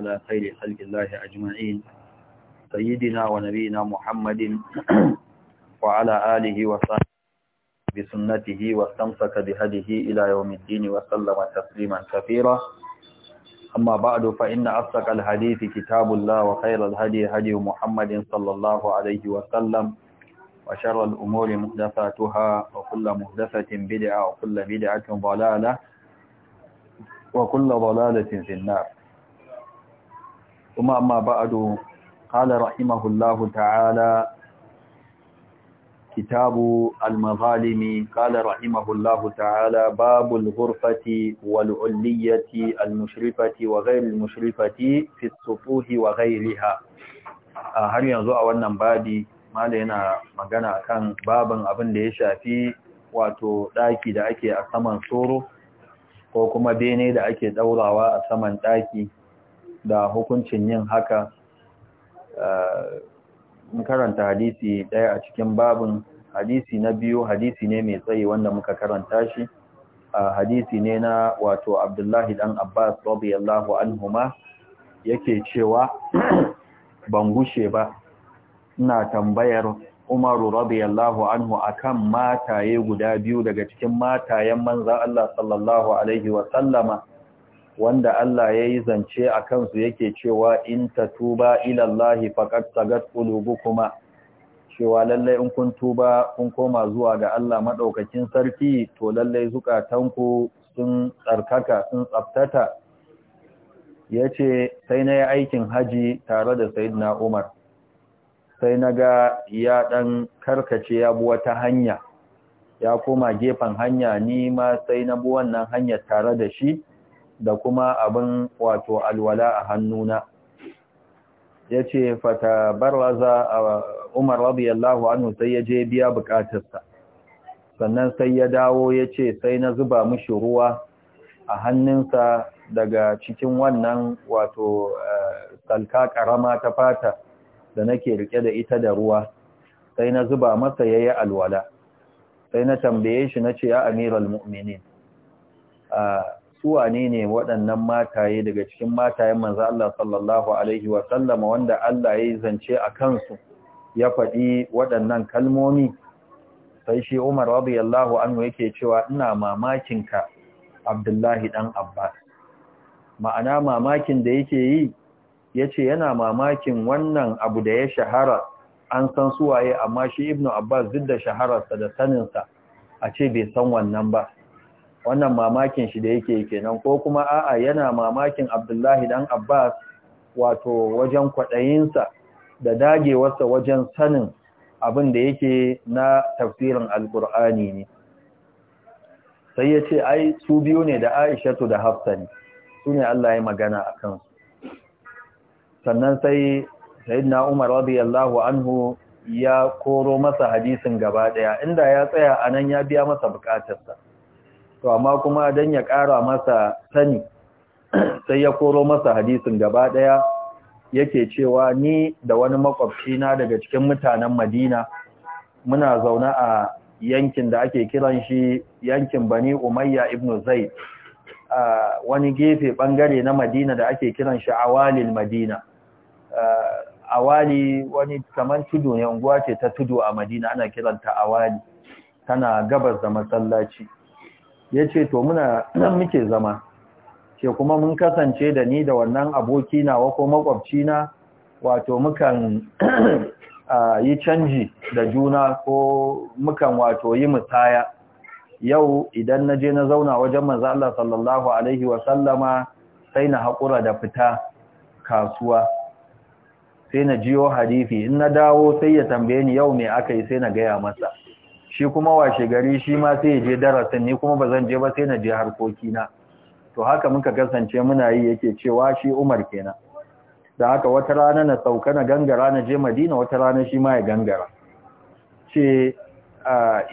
على خير خلق الله أجمعين سيدنا ونبينا محمد وعلى آله وصحبه بسنته واستمسك بهديه إلى يوم الدين وسلم تسليما كثيرا أما بعد فإن أصدق الحديث كتاب الله وخير الهدي هدي محمد صلى الله عليه وسلم وشر الأمور محدثاتها وكل محدثة بدعة وكل بدعة ضلالة وكل ضلالة في النار ثم أما بعد قال رحمه الله تعالى كتاب المظالم قال رحمه الله تعالى باب الغرفة والعلية المشرفة وغير المشرفة في الصفوه وغيرها har yanzu a wannan babi mala yana magana kan babin abin da ya shafi wato ɗaki da ake a saman tsoro ko kuma bene da ake ɗaurawa a saman ɗaki da hukuncin yin haka in eh, karanta hadisi ɗaya a cikin babin hadisi na biyu hadisi ne mai tsayi wanda muka karanta shi hadisi ne na wato abdullahi dan abbas radiyallahu anhuma yake cewa ban gushe ba ina tambayar umaru radiyallahu anhu akan mataye guda biyu daga cikin matayen manza Allah sallallahu alaihi wa wanda Allah ya yi zance a kansu yake cewa in ta tuba ilallahi faƙat tagat ƙulubu kuma cewa lallai in kun tuba kun koma zuwa ga Allah maɗaukakin sarki to lallai zukatanku sun tsarkaka sun tsaftata ya ce sai na yi aikin haji tare da na umar sai na ga ya ɗan karkace ya bi wata hanya ya koma gefen hanya ni ma sai na bi wannan hanyar tare da shi da kuma abin wato alwala a hannuna ya ce fata barraza umar radiyallahu anhu sai ya je biya bukatarsa sannan sai ya dawo ya ce sai na zuba mushi ruwa a hannunsa daga cikin wannan wato eh, salka karama ta fata da nake rike da ita da ruwa sai na zuba masa yayi alwala sai na tambaye shi na ce ya amiral mu'minin ah, su wane ne waɗannan mataye daga cikin matayen manzo Allah sallallahu alaihi wa sallama wanda Allah ya zance a kansu ya faɗi waɗannan kalmomi sai shi Umar radiyallahu anhu yake cewa ina mamakin ka Abdullahi dan Abbas ma'ana mamakin da yake yi yace yana mamakin wannan abu da ya shahara an san su waye. amma shi Ibn Abbas duk da shahararsa da saninsa a ce bai san wannan ba wannan mamakin shi da yake kenan ko kuma a'a yana mamakin abdullahi dan abbas wato wajen kwaɗayinsa da dagewarsa wajen sanin abin da yake na tafsirin alkur'ani ne sai ya ce ai su biyu ne da aishatu da hafsa ne su ne allah ya magana a kansu sannan sai Sayyidina umar radiyallahu anhu ya koro masa hadisin gaba ɗaya inda ya tsaya a nan ya biya masa bukatarsa to amma kuma dan ya ƙara masa sani sai ya koro masa hadisin gaba ɗaya yake cewa ni da wani makwabci na daga cikin mutanen Madina muna zaune a yankin da ake kiran shi yankin Bani Umayya ibn Zaid a wani gefe bangare na Madina da ake kiran shi Awalil Madina Awali wani kamar tudu ne unguwa ce ta tudu a Madina ana kiranta Awali tana gabas da masallaci ya ce to muna nan muke zama ce kuma mun kasance da ni da wannan aboki ko makwabci na wato mukan yi canji da juna ko mukan wato yi musaya yau idan na je na zauna wajen manzo Allah sallallahu alaihi wa sallama sai na haƙura da fita kasuwa sai na jiyo hadisi in na dawo sai ya tambaye ni yau me aka yi sai na gaya masa shi kuma washe gari shi ma sai je darasin ni kuma ba zan je ba sai na je na to haka muka kasance muna yi yake cewa shi Umar kenan da haka wata rana na sauka na gangara na je Madina wata rana shi ma ya gangara ce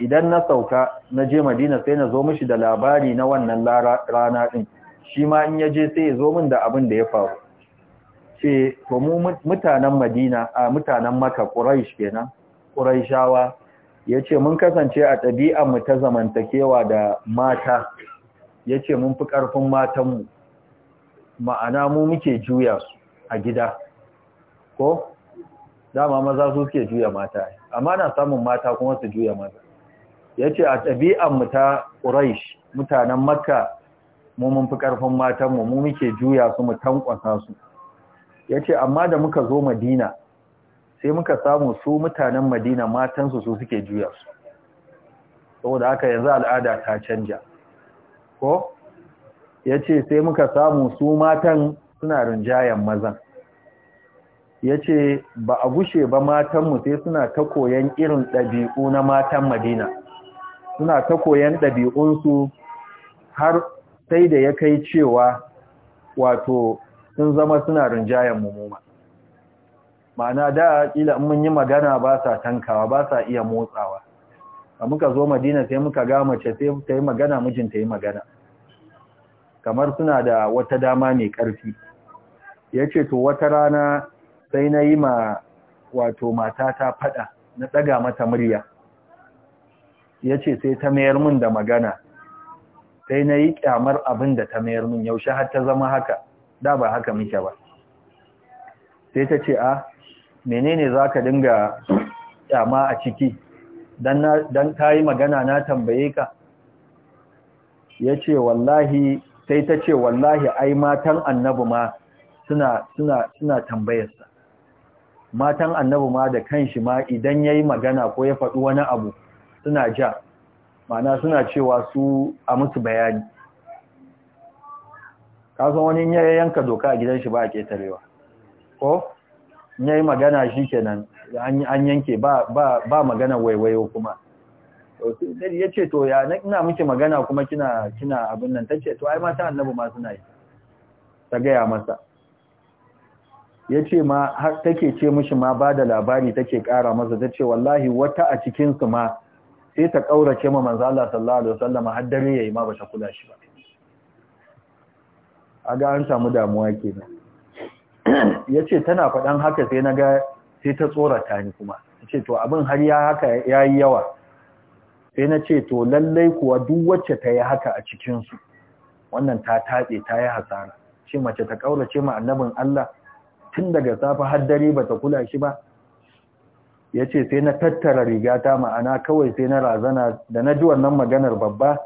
idan na sauka na je Madina sai na zo mishi da labari na wannan rana din shi ma in ya je sai ya zo min da abin da ya faru ce to mu mutanen Madina a mutanen Makka Quraysh kenan Qurayshawa ya ce mun kasance a ɗabi'anmu ta zamantakewa da mata ya ce mun fi ƙarfin matanmu ma'ana mu muke juya su a gida ko dama maza su suke juya mata amma na samun mata kuma su juya mata ya ce a ɗabi'anmu ta ƙuraish mutanen makka mu mun fi ƙarfin matanmu mu muke juya su mu tankwasa su ya ce amma da muka zo madina sai muka samu su mutanen madina matansu su suke juya su saboda haka yanzu al'ada ta canja ko ya ce sai muka samu su matan suna rinjayen mazan ya ce ba a gushe ba matanmu sai suna ta koyan irin ɗabi'u na matan madina suna ta koyan ɗabi'unsu har sai da ya kai cewa wato sun zama suna rinjayen mummuma ma'ana da kila in mun yi magana ba sa tankawa ba sa iya motsawa a muka zo madina sai muka ga mace sai ta yi magana mijin ta yi magana kamar suna da wata dama mai ƙarfi ya ce to wata rana sai na yi ma wato mata ta faɗa na ɗaga mata murya ya ce sai ta mayar min da magana sai na yi ƙyamar abin da ta mayar min yaushe har ta zama haka da ba haka muke ba sai ta ce a ah, menene za ka dinga kyama a ciki don ka yi magana na tambaye ka ya ce wallahi sai ta ce wallahi ai matan annabi ma suna tambayarsa matan annabi ma da kanshi ma idan yayi magana ko ya faɗi wani abu suna ja mana suna cewa su a musu bayani kasan wani ya yanka doka a gidan shi ba a ketarewa ko in yayi magana shi kenan an yanke ba ba ba magana waiwayo kuma sai ya ce to ya ina miki magana kuma kina kina abin nan tace to ai mata annabi ma suna yi ta gaya masa ya ce ma har take ce mishi ma ba da labari take kara masa ta ce wallahi wata a cikinsu ma sai ta ƙaurace ma manzo Allah sallallahu alaihi wasallam har dare yayi ma ba ta kula shi ba a ga an samu damuwa kenan ya ce tana faɗan haka sai na ga sai ta tsorata ni kuma ta ce to abin har ya haka ya yi yawa sai na ce to lallai kuwa duk wacce ta yi haka a cikinsu wannan ta tatse ta yi hasara ce mace ta ce ma annabin Allah tun daga safe har dare ba ta kula shi ba ya ce sai na tattara rigata ma'ana kawai sai na razana da na ji wannan maganar babba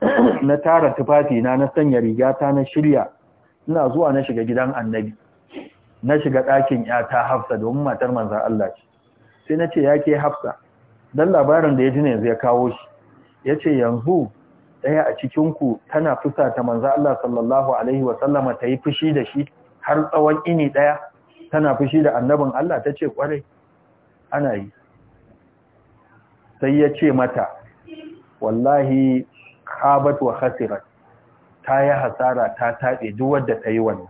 na tara tufafi na na sanya rigata na shirya ina zuwa na shiga gidan annabi na shiga ɗakin ya ta hafsa domin matar manza Allah ce sai na ce ya ke hafsa don labarin da ya ji ne zai kawo shi ya ce yanzu ɗaya a cikinku tana fusa ta manzan Allah sallallahu Alaihi wasallama ta yi fushi da shi har tsawon ini ɗaya tana fushi da annabin Allah ta ce ƙwarai ana yi sai ya ce mata wallahi khabat wa khasirat ta yi hasara ta taɓe duk wadda ta yi wannan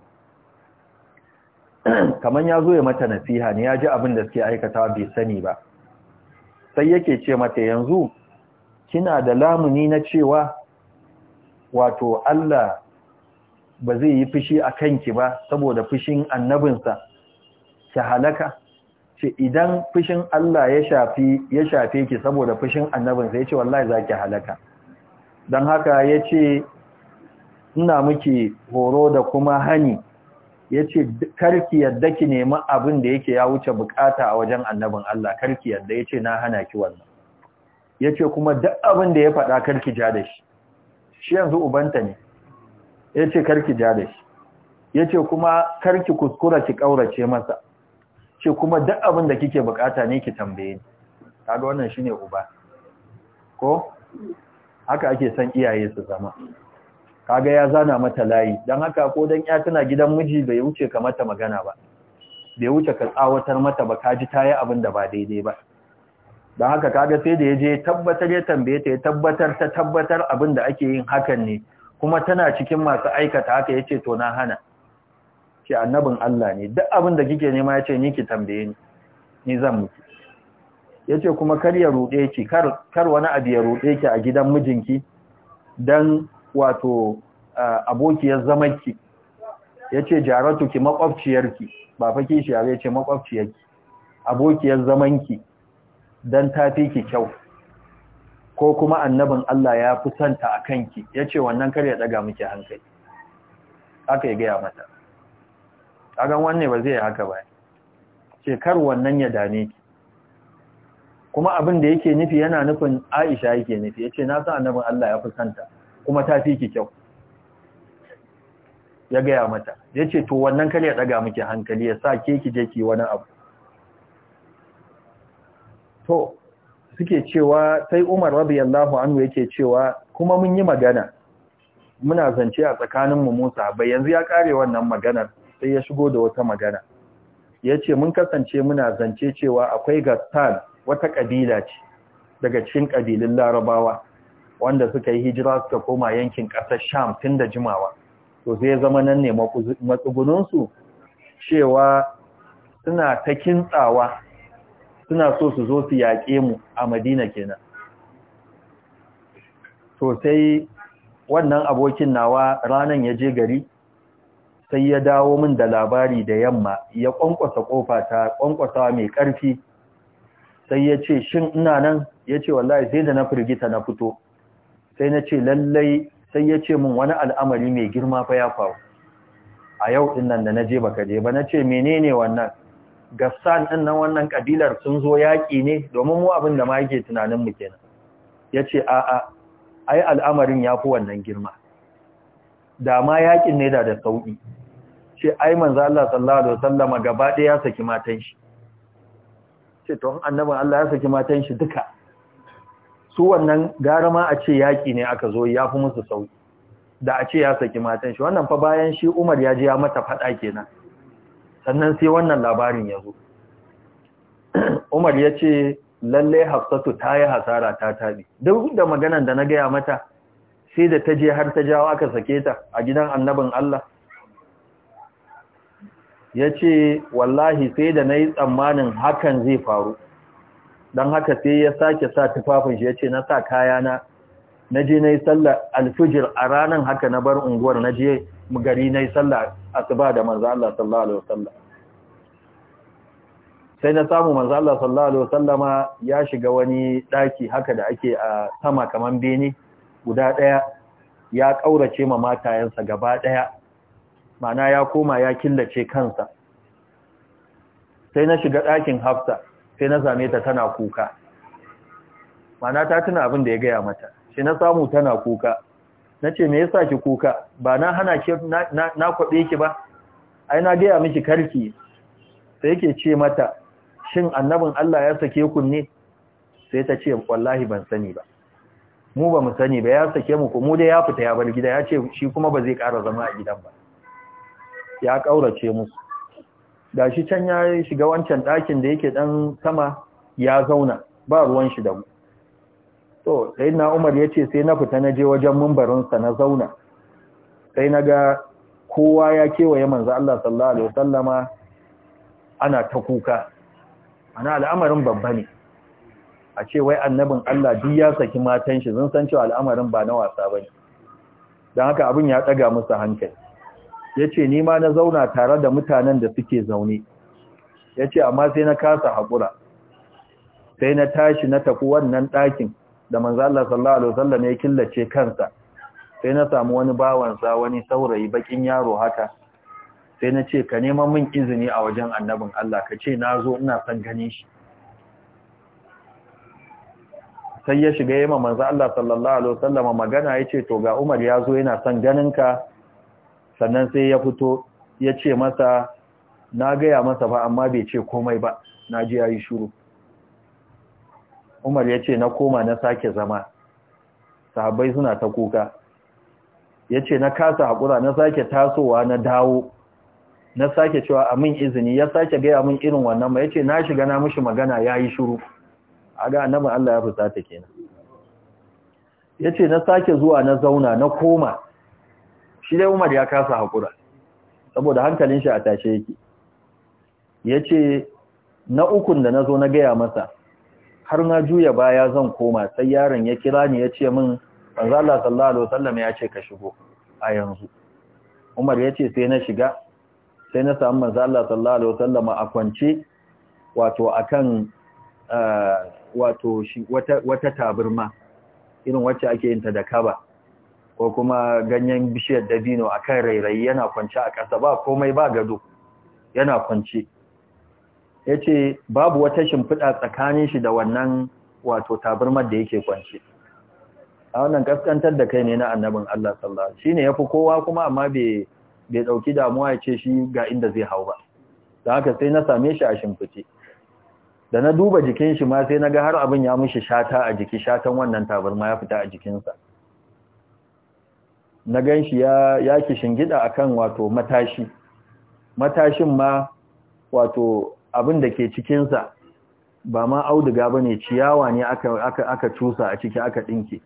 kaman ya zo ya mata nasiha ne ya ji abin da suke aikatawa bai sani ba sai yake ce mata yanzu kina da lamuni na cewa wato Allah ba zai yi fushi a kanki ba saboda fushin annabinsa ki halaka ce idan fushin Allah ya shafi ya shafe ki saboda fushin annabinsa ya ce wallahi za ki halaka don haka ya ce ina miki horo da kuma hani ya ce karki yadda ki nemi abin da yake ya wuce bukata a wajen annabin Allah karki yadda ya ce na hana ki wannan ya ce kuma duk abin da ya faɗa karki ja da shi shi yanzu ubanta ne ya ce karki ja da shi ya ce kuma karki kuskura ki ƙaurace masa ce kuma duk abin da kike bukata ne ki tambaye ni kaga wannan shine uba ko haka ake son iyaye su zama kaga ya zana mata layi don haka ko dan ya tana gidan miji bai wuce ka mata magana ba bai wuce ka tsawatar mata ba kaji ta yi abin da ba daidai ba don haka kaga sai da ya je tabbatar ya tambaye ta ya tabbatar ta tabbatar abin da ake yin hakan ne kuma tana cikin masu aikata haka ya ce to na hana ce annabin Allah ne duk abin da kike nema ya ce ni ki tambaye ni ni zan miki ya ce kuma kar ya ruɗe ki kar wani abu ya ruɗe ki a gidan mijinki dan wato abokiyar zamanki ya ce jaratuki makwabciyarki ba fake shi ya ce makwabciyarki abokiyar zamanki don tafi ki kyau ko kuma annabin Allah ya fi a kanki ya ce wannan kar ya daga miki hankali aka yi gaya mata agan wanne ba zai yi haka ba ce kar wannan ya dame ki kuma abin da yake nufi yana nufin aisha yake nufi ya ce na san annabin Allah ya fi kuma ta fi ki kyau ya gaya mata ya ce to wannan kar ya ɗaga miki hankali ya sa ke ki je ki wani abu to suke cewa sai Umar radiyallahu anhu yake cewa kuma mun yi magana muna zance a tsakaninmu Musa bai yanzu ya kare wannan maganar sai ya shigo da wata magana Ya ce mun kasance muna zance cewa akwai Gastan wata kabila ce daga cikin kabilun Larabawa wanda suka yi hijira suka koma yankin ƙasar sham tun da jimawa to sai zama nan ne matsugunansu cewa suna ta kintsawa suna so su zo su yaƙe mu a madina kenan to sai wannan abokin nawa ranan ya je gari sai ya dawo min da labari da yamma ya kwankwasa kofa ta kwankwasa mai ƙarfi sai ya ce shin ina nan ya ce wallahi sai da na firgita na fito sai na ce lallai sai ya ce min wani al'amari mai girma fa ya faru a yau din nan da na je baka je ba na ce menene wannan gassan din nan wannan kabilar sun zo yaki ne domin mu abin da ma yake tunanin mu kenan ya ce a'a ai al'amarin ya fi wannan girma da ma yaƙin ne da da sauƙi ce ai manzo Allah sallallahu alaihi wasallama gaba ɗaya ya saki matan shi ce to annabin Allah ya saki matan shi duka su wannan gara ma a ce yaƙi ne aka zo ya fi musu sauki da a ce ya saki matan shi wannan fa bayan shi umar ya je ya mata faɗa kenan sannan sai wannan labarin ya zo umar ya ce lallai hafsatu ta yi hasara ta tabi duk da maganan da na gaya mata sai da ta je har ta jawo aka sake ta a gidan annabin Allah ya ce wallahi sai da na yi tsammanin hakan zai faru don haka sai ya sake sa tufafin shi yace ce na sa kaya na je na yi sallar alfijir a ranar haka na bar unguwar na je gari na yi asuba da manzo Allah sallallahu alaihi wasallam sai na samu manzo Allah sallallahu alaihi wasallama ya shiga wani daki haka da ake a sama kamar bene guda daya ya kaurace ma matayensa gaba daya mana ya koma ya killace kansa sai na shiga dakin Hafsa sai na same ta tana kuka mana ta tuna abin da ya gaya mata sai na samu tana kuka na ce me yasa ki kuka ba na hana ki na kwaɓe ki ba ai na gaya miki karki sai yake ce mata shin annabin Allah ya sake ku ne sai ta ce wallahi ban sani ba mu ba mu sani ba ya sake mu mu dai ya fita ya bar gida ya ce shi kuma ba zai ƙara zama a gidan ba ya ƙaurace musu da shi can ya shiga wancan ɗakin da yake ɗan sama ya zauna ba ruwan shi da mu to sai na umar ya ce sai na fita na je wajen mumbarinsa na zauna sai na ga kowa ya kewaye manzu Allah sallallahu alaihi wasallama ana ta kuka ana al'amarin babba ne a ce wai annabin Allah duk ya saki matan shi zan san cewa al'amarin ba na wasa ba ne. dan haka abin ya ɗaga musu hankali ce ni ma na zauna tare da mutanen da suke zaune Ya ce amma sai na kasa hakura sai na tashi na tafi wannan ɗakin da manzo Allah sallallahu alaihi wasallam ya killace kansa sai na samu wani bawansa wani saurayi bakin yaro haka sai na ce ka neman min izini a wajen annabin Allah ka ce na zo ina son ganin shi sai ya shiga yayin manzo Allah sallallahu alaihi wasallam magana yace to ga Umar ya zo yana son ganin ka sannan sai ya fito ya ce masa na gaya masa ba amma bai ce komai ba na ji ya yi shuru umar ya ce na koma na sake zama sahabbai suna ta kuka ya ce na kasa haƙura na sake tasowa na dawo na sake cewa amin izini ya sake gaya min irin wannan ma ya ce na shiga na mushi magana ya yi shuru a ga annabin Allah ya fusata kenan ya ce na sake zuwa na zauna na koma shi dai Umar ya kasa hakura saboda hankalin shi a tashe yake yace na ukun da nazo na gaya masa har na juya baya zan koma sai yaron ya kira ni yace min manzo Allah sallallahu alaihi wasallam ya ce ka shigo a yanzu Umar yace sai na shiga sai na samu manzo Allah sallallahu alaihi wasallam a kwance wato akan eh, wato wata wata taburma irin wacce ake yin ta da kaba ko kuma ganyen bishiyar dabino a kan rairayi yana kwanci a ƙasa ba komai ba gado yana kwanci ya ce babu wata shimfiɗa tsakanin shi da wannan wato tabarmar da yake kwanci a wannan kaskantar da kai ne na annabin Allah sallah shi ne ya fi kowa kuma amma bai ɗauki damuwa ya ce shi ga inda zai hau ba da haka sai na same shi a shimfice da na duba jikin shi ma sai na ga har abin ya mushi shata a jiki shatan wannan tabarma ya fita a jikinsa na gan shi ya kishingida a kan wato matashi matashin ma wato abin da ke cikinsa ba ma auduga ba ne ciyawa ne aka cusa a ciki aka ɗinke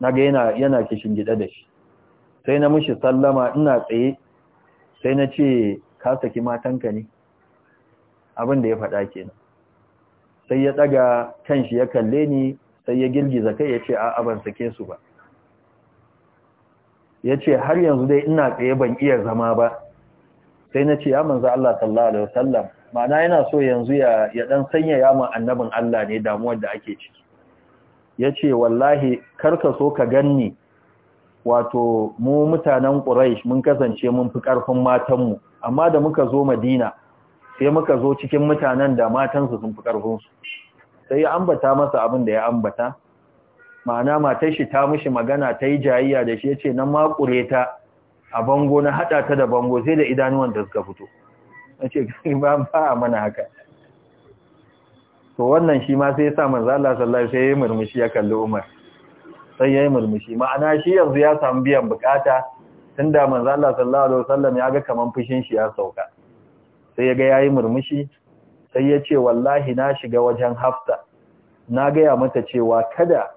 na ga yana kishingida da shi sai na mushi sallama ina tsaye sai na ce ka saki matanka ne abin da ya faɗa kenan sai ya ɗaga kan shi ya kalle ni sai ya girgiza kai ya ce a'a ban sake su ba ya ce har yanzu dai ina tsaye ban iya zama ba sai na ce ya manzo Allah sallallahu alaihi wasallam ma'ana yana so yanzu ya ya dan sanya yaman annabin Allah ne damuwar da ake ciki yace wallahi kar ka so ka ganni wato mu mutanen Quraysh mun kasance mun fi karfin matan mu amma da muka zo Madina sai muka zo cikin mutanen da matansu sun fi karfin su sai ya ambata masa abin da ya ambata ma'ana matar shi ta mishi magana ta yi jayayya da shi ya ce na makure ta a bango na haɗa ta da bango sai da idanuwan da suka fito na ce ba a mana haka to wannan shi ma sai ya sa alaihi wasallam sai ya murmushi ya kalli umar sai ya murmushi ma'ana shi yanzu ya samu biyan bukata tunda manzo Allah sallallahu alaihi wasallam ya ga kaman fushin shi ya sauka sai ya ga ya murmushi sai ya ce wallahi na shiga wajen hafsa na gaya mata cewa kada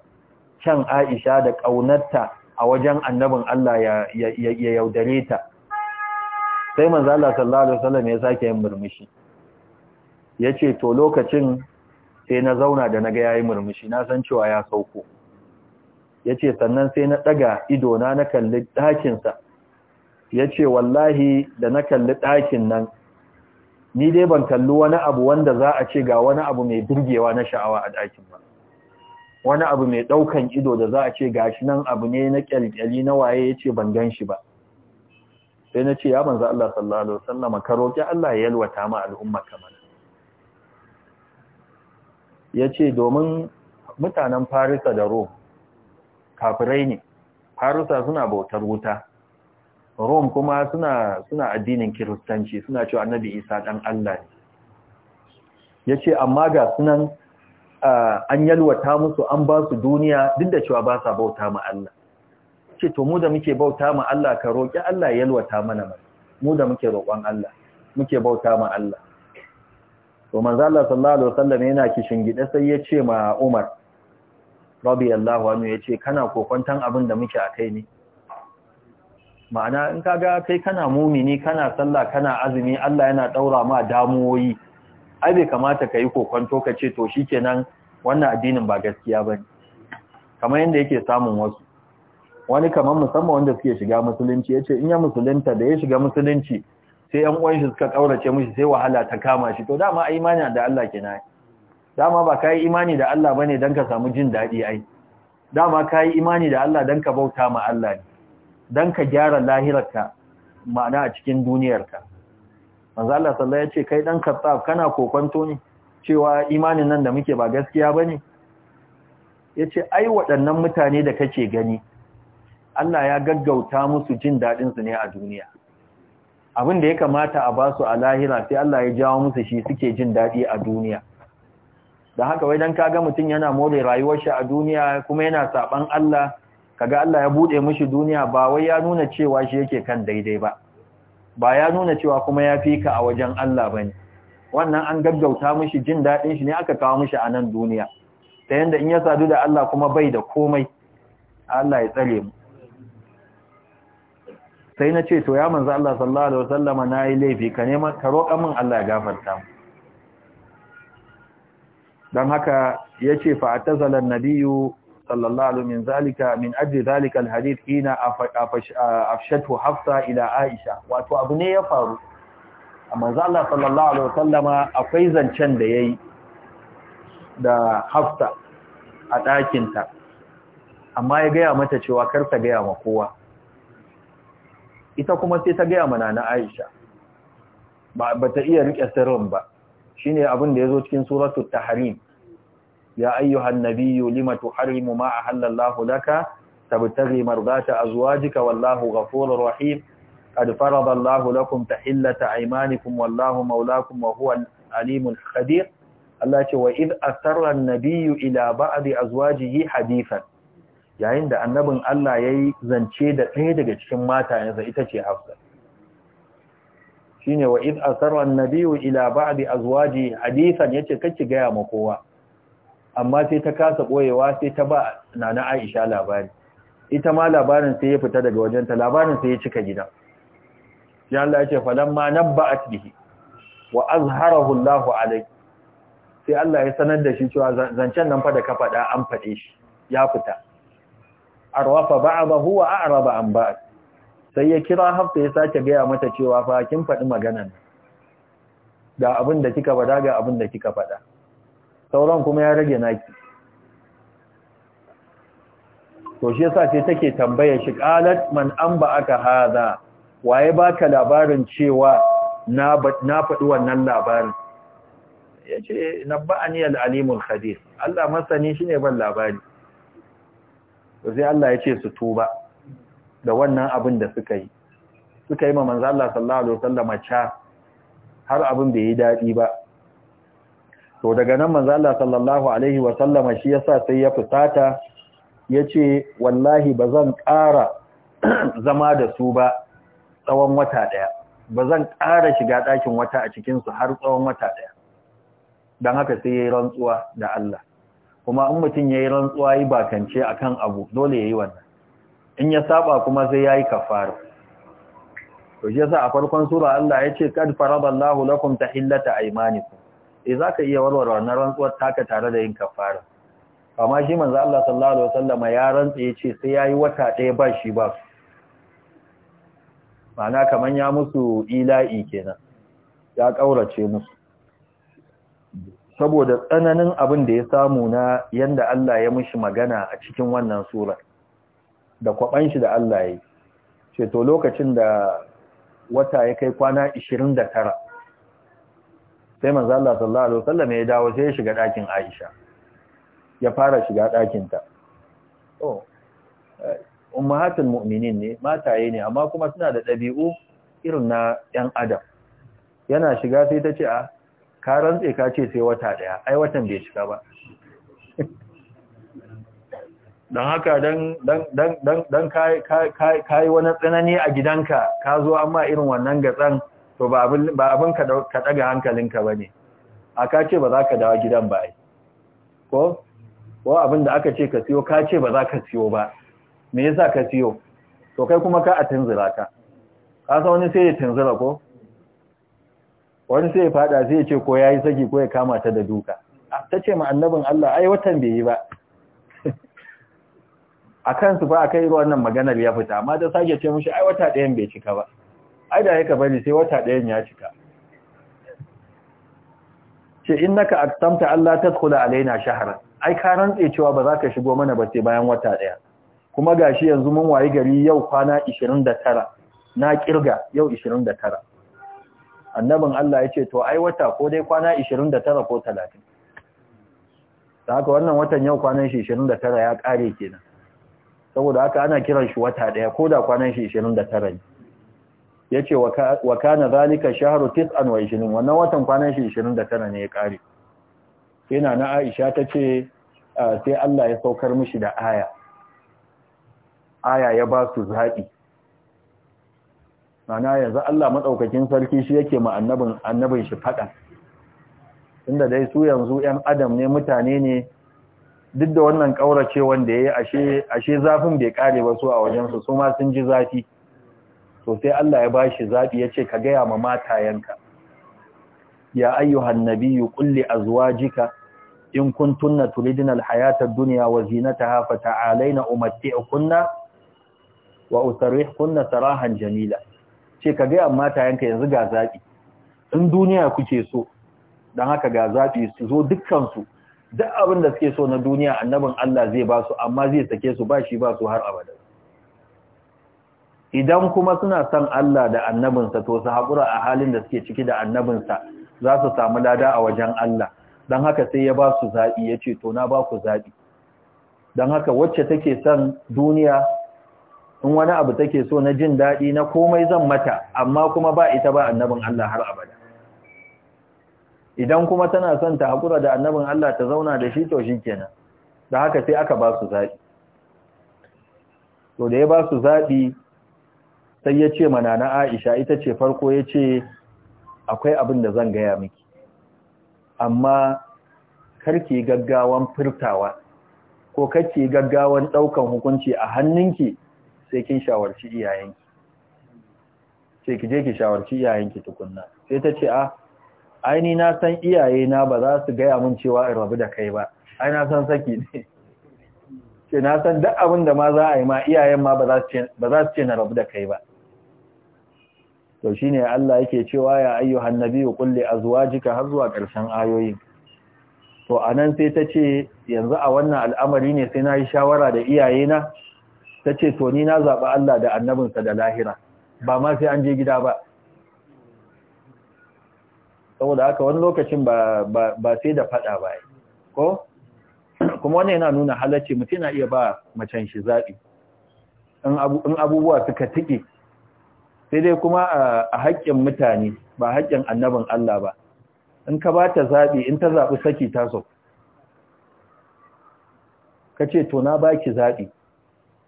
kyan Aisha da ƙaunarta a wajen annabin Allah ya yaudare ta sai manzo Allah sallallahu alaihi wasallam ya sake yin murmushi Ya ce to lokacin sai na zauna da naga yayi murmushi na san cewa ya sauko Ya ce sannan sai na ɗaga idona na kalli ɗakinsa. Ya ce wallahi da na kalli ɗakin nan ni dai ban kalli wani abu wanda za a ce ga wani abu mai birgewa na sha'awa a ɗakin ba wani abu mai ɗaukan ido da za a ce ga shi nan abu ne na kyalkyali na waye ya ce ban gan shi ba sai na ce ya banza Allah sallallahu alaihi wasallam ka Allah ya yalwata ma al'umma kamar ce domin mutanen Farisa da Rome kafirai ne Farisa suna bautar wuta rom kuma suna suna addinin Kiristanci suna cewa Annabi Isa dan Allah ne Ya ce amma ga sunan an yalwata musu an ba su duniya duk da cewa ba sa bauta ma Allah ce to mu da muke bauta ma Allah ka roƙi Allah ya yalwata mana mu da muke roƙon Allah muke bauta ma Allah to manzo Allah sallallahu alaihi wasallam yana kishin gida sai ya ce ma Umar radiyallahu anhu yace kana kokontan abin da muke a kai ne ma'ana in kaga kai kana mumini kana sallah kana azumi Allah yana daura ma damuwoyi ai bai kamata ka yi kokonto ka ce to shi kenan wannan addinin ba gaskiya ba ne kamar yadda yake samun wasu wani kamar musamman wanda suke shiga musulunci yace in ya musulunta da ya shiga musulunci sai yan uwanshi suka kaurace mishi sai wahala ta kama shi to dama ai imani da Allah kenan dama ba kai imani da Allah bane dan ka samu jin daɗi ai dama kai imani da Allah dan ka bauta ma Allah ne dan ka gyara lahirarka ma'ana a cikin duniyarka manzo Allah sallallahu ya ce kai dan katsaf. kana kokonto ne cewa imanin nan da muke ba gaskiya bane yace ai waɗannan mutane da kake gani Allah ya gaggauta musu jin dadin su ne a duniya abin da ya kamata a basu a lahira sai Allah ya jawo musu shi suke jin dadi a duniya da haka wai dan kaga mutun yana more rayuwar shi a duniya kuma yana saban Allah kaga Allah ya bude mishi duniya ba wai ya nuna cewa shi yake kan daidai ba ba ya nuna cewa kuma ya fi ka a wajen Allah ba ne wannan an gaggauta mishi jin daɗin shi ne aka kawo mishi a nan duniya ta yadda in ya sadu da Allah kuma bai da komai Allah ya tsare mu sai na ce to ya manzo Allah sallallahu alaihi wasallama na yi laifi ka nema ka min Allah ya gafarta mu dan haka yace fa atazalan nabiyyu صلى الله عليه من ذلك من أجل ذلك الحديث حين أفشته حفصة إلى عائشة وأتو أبني يفارو أما زال صلى الله عليه وسلم أفيزا شند يي da hafta a ɗakinta amma ya gaya mata cewa kar ta gaya ma kowa ita kuma sai ta gaya mana Nana aisha ba ta iya riƙe sirrin ba shine abin da ya zo cikin suratul tahrim ya ayyuhan nabiyyu limatu harimu ma ahalla Allahu laka tabtaghi mardata azwajika wallahu ghafurur rahim qad farada Allahu lakum tahillata aymanikum wallahu mawlakum wa huwa alimul khabir Allah ce wa id asarra an-nabiyyu ila ba'di azwajihi hadithan yayin da annabin Allah yayi zance da ɗaya daga cikin mata matayensa ita ce Hafsa shine wa id asarra an-nabiyyu ila ba'di azwajihi hadithan yace kace gaya ma kowa." amma sai ta kasa ɓoyewa sai ta ba nana aisha labari ita ma labarin sai ya fita daga wajenta labarin sai ya cika gida sai Allah ya ce falamma nabba'at bihi wa azharahu Allahu alayhi sai Allah ya sanar da shi cewa zancen nan fa da ka faɗa an fade shi ya fita arwafa ba'dahu wa a'raba an ba'd sai ya kira hafta ya sake gaya mata cewa fa kin faɗi maganan da abin da kika faɗa ga abin da kika faɗa sauran kuma ya rage naki to shi yasa ce take tambaya shi qalat man anba aka hada waye baka labarin cewa na na fadi wannan labarin yace nabba'ani al-alimul khabir Allah masani shine ban labari to sai Allah yace su tuba da wannan abin da suka yi suka yi ma manzo Allah sallallahu alaihi wasallam cha har abin bai yi dadi ba to daga nan manzo Allah sallallahu alaihi wa sallama shi yasa sai ya fusata yace wallahi bazan ƙara zama da su ba tsawon wata daya bazan ƙara shiga ɗakin wata a cikin su har tsawon wata daya dan haka sai yayi rantsuwa da Allah kuma in mutum yayi rantsuwa yi bakance akan abu dole yayi wannan in ya saba kuma sai yayi kafara to shi yasa a farkon sura Allah yace kad faraballahu lakum tahillata aymanikum eh za ka iya warware wannan rantsuwar taka tare da yin kafara amma shi manzo Allah sallallahu alaihi wasallam ya rantsa yace sai yayi wata ɗaya ba shi ba mana kaman ya musu ila'i kenan ya kaurace musu saboda tsananin abin da ya samu na yanda Allah ya mishi magana a cikin wannan sura da kwaban shi da Allah ya yi ce to lokacin da wata ya kai kwana 29 sai manzo Allah sallallahu alaihi wasallam ya dawo sai ya shiga ɗakin Aisha ya fara shiga ɗakinta oh eh, ummahatul mu'minin ne mataye ne amma kuma suna da ɗabi'u irin na ɗan adam yana shiga sai ta ce a ah, ka rantse ka ce sai wata ɗaya ai watan bai shiga ba don haka don kai wani tsanani a gidanka ka zo amma irin wannan gatsan to ba abin ka ɗaga hankalinka ba ne a ka ce ba za ka dawo gidan ba ko ko abin da aka ce ka siyo ka ce ba za ka siyo ba me yasa ka siyo to kai kuma ka a tunzura ka ka san wani sai ya tunzura ko wani sai ya fada sai ya ce ko yayi saki ko ya kama ta da duka ta ce ma annabin Allah ai watan bai yi ba a kansu ba a kai wannan maganar ya fita amma da sake ce mushi ai wata ɗayan bai cika ba ai da yake bari sai wata ɗayan ya cika ce innaka aqtamta Allah tadkhula alaina shahra ai ka rantse cewa ba za ka shigo mana ba sai bayan wata ɗaya kuma gashi yanzu mun wayi gari yau kwana 29 na kirga yau 29 annabin Allah ya ce to ai wata ko dai kwana 29 ko 30 da wannan watan yau kwanan shi 29 ya kare kenan saboda haka ana kiran shi wata daya ko da kwanan shi 29 ne Ya yace wa kana zalika wa ishirin, wannan watan kwanan shi ishirin da tana ne ya kare yana na Aisha ta ce sai Allah ya saukar mishi da aya aya ya ba su zabi mana yanzu Allah maɗaukakin sarki shi yake ma annabin annabin shi fada inda dai su yanzu 'yan adam ne mutane ne duk da wannan ƙaurace wanda ya yi ashe zafin bai kare ba su a wajensu su ma sun ji zafi to sai Allah ya bashi zabi yace ka gaya ma matayanka ya ayyuhan nabiyyu qul li azwajika in kuntunna turidna alhayata ad-dunya wa zinataha ta'alaina umatti'ukunna wa usarrihkunna sarahan jamila ce ka gaya matayanka yanzu ga zabi in duniya kuke so dan haka ga zabi su zo dukkan su duk abin da suke so na duniya annabin Allah zai ba su amma zai sake su ba shi ba su har abada idan kuma suna son Allah da annabinsa to su haƙura a halin da suke ciki da annabinsa za su samu lada a wajen Allah don haka sai ya ba su zaɓi ya ce to na ba ku zaɓi don haka wacce take son duniya in wani abu take so na jin daɗi na komai zan mata amma kuma ba ita ba annabin Allah har abada idan kuma tana son ta haƙura da annabin Allah ta zauna da shi to shi kenan don haka sai aka ba su zaɓi to da ya ba su zaɓi sai ya ce mana na aisha ita ce farko ya ce akwai abin da zan gaya miki amma karki gaggawan firtawa ko karki gaggawan ɗaukan hukunci a hannunki sai kin shawarci iyayenki sai ki je ki shawarci iyayenki tukunna sai ta ce a aini na san iyaye na ba za su gaya mun cewa in rabu da kai ba ai na san saki ne ce na san duk abin da ma za a yi ma iyayen ma ba za su ce na rabu da kai ba to shine Allah yake cewa ya ayyuhan nabiyyu qul li azwajika har zuwa ƙarshen ayoyin to anan sai ta ce yanzu a wannan al'amari ne sai na yi shawara da iyaye na tace to ni na zaɓi Allah da annabin sa da lahira ba ma sai an je gida ba saboda haka wani lokacin ba sai da faɗa ba ko kuma wannan yana nuna halarci mutum na iya ba macen shi zaɓi in abubuwa suka tike sai dai kuma a haƙƙin mutane ba haƙƙin annabin Allah ba in ka ba ta zaɓi in ta zaɓi saki ta ka ce to na ba ki zaɓi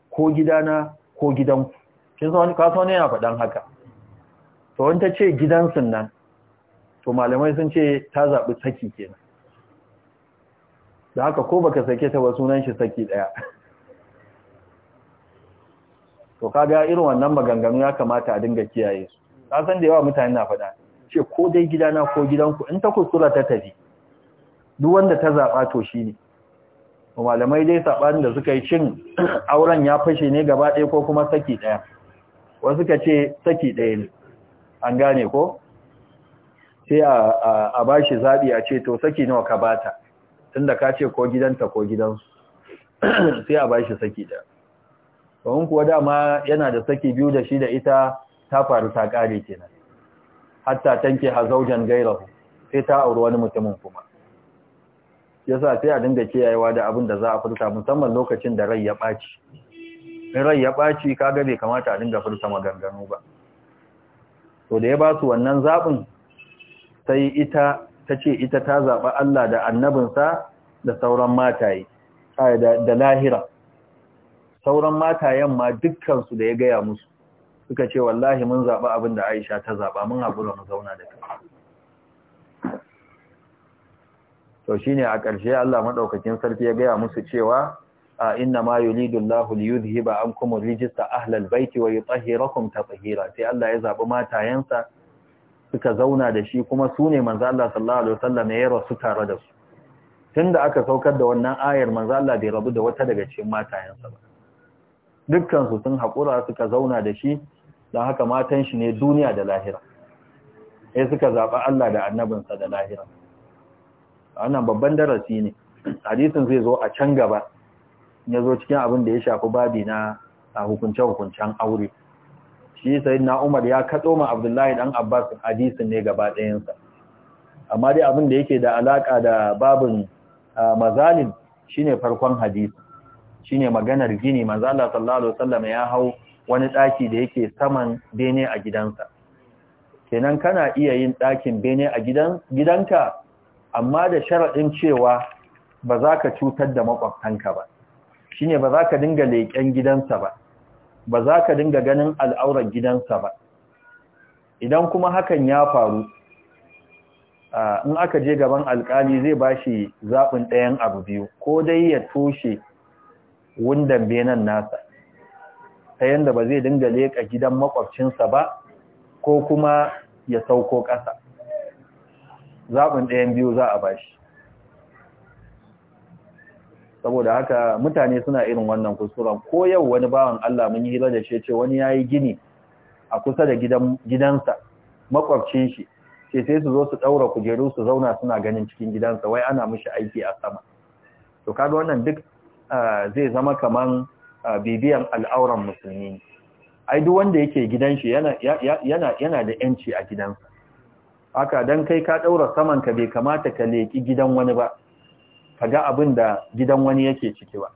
ko gidana ko gidanku kin san ne yana faɗan haka to wani ta ce gidansun nan to malamai sun ce ta zaɓi saki kenan da haka ko baka sake ta ba sunan shi saki ɗaya to kaga irin wannan maganganu ya kamata a dinga kiyaye su ka san da yawa mutane na faɗa ce ko dai gidana ko gidanku in ta kusura ta tafi duk wanda ta zaba to shi ne malamai dai saɓanin da suka yi cin auren ya fashe ne gaba ɗaya ko kuma saki ɗaya wasu ka ce saki ɗaya ne an gane ko sai a a bashi zaɓi a ce to saki nawa ka bata tunda ka ce ko gidanta ko gidansu sai a bashi saki ɗaya domin kuwa dama yana da saki biyu da shi da ita ta faru ta kare kenan hatta tanke hazaujan gairahu sai ta auri wani mutumin kuma yasa sai a dinga kiyayewa da abin da za a furta musamman lokacin da rai ya ɓaci in rai ya ɓaci kaga bai kamata a dinga furta maganganu ba to da ya ba su wannan zaɓin sai ita ta ce ita ta zaɓa Allah da annabinsa da sauran mataye da lahira sauran matayen ma dukkansu da ya gaya musu suka ce wallahi mun zaɓa abin da aisha ta zaɓa mun haƙura mu zauna da kai to shine a ƙarshe Allah madaukakin sarki ya gaya musu cewa A inna ma yulidu Allahu an ankum rijista ahlal baiti wa yutahhirakum tatheera sai Allah ya zabi matayensa suka zauna da shi kuma su ne manzo Allah sallallahu alaihi wasallam ya rasu tare da su tun da aka saukar da wannan ayar manzo Allah bai rabu da wata daga cikin matayensa ba dukkansu sun haƙura suka zauna da shi don haka matan shi ne duniya da lahira sai suka zaɓa Allah da annabinsa da lahira wannan babban darasi ne hadisin zai zo a can gaba ya zo cikin abin da ya shafi babi na hukunce-hukuncen aure shi sai na umar ya katso ma abdullahi dan abbas hadisin ne gaba ɗayansa amma dai abin da yake da alaƙa da babin mazalin shine farkon hadisi shine maganar gini manzo Allah sallallahu alaihi wasallam ya hau wani daki da yake saman bene a gidansa kenan kana iya yin dakin bene a gidan gidanka amma da sharadin cewa ba za ka cutar da makwabtanka ba shine ba za ka dinga leƙen gidansa ba ba za ka dinga ganin al'aurar gidansa ba idan kuma hakan ya faru in aka je gaban alkali zai bashi zabin zaɓin ɗayan abu biyu ko dai ya toshe wundan benan nasa ta yanda ba zai dinga leƙa gidan makwabcinsa ba ko kuma ya sauko ƙasa zaɓin ɗayan biyu za a bashi saboda haka mutane suna irin wannan kusuran ko yau wani bawan Allah mun yi hira da ce wani ya yi gini a kusa da gidansa makwabcin shi ce sai su zo su ɗaura kujeru su zauna suna ganin cikin gidansa wai ana mishi aiki a sama to kaga wannan duk zai zama kaman bibiyan al'auran musulmi ai duk wanda yake gidan shi yana yana yana da yanci a gidansa haka dan kai ka daura saman ka bai kamata ka leki gidan wani ba kaga abin da gidan wani yake ciki ba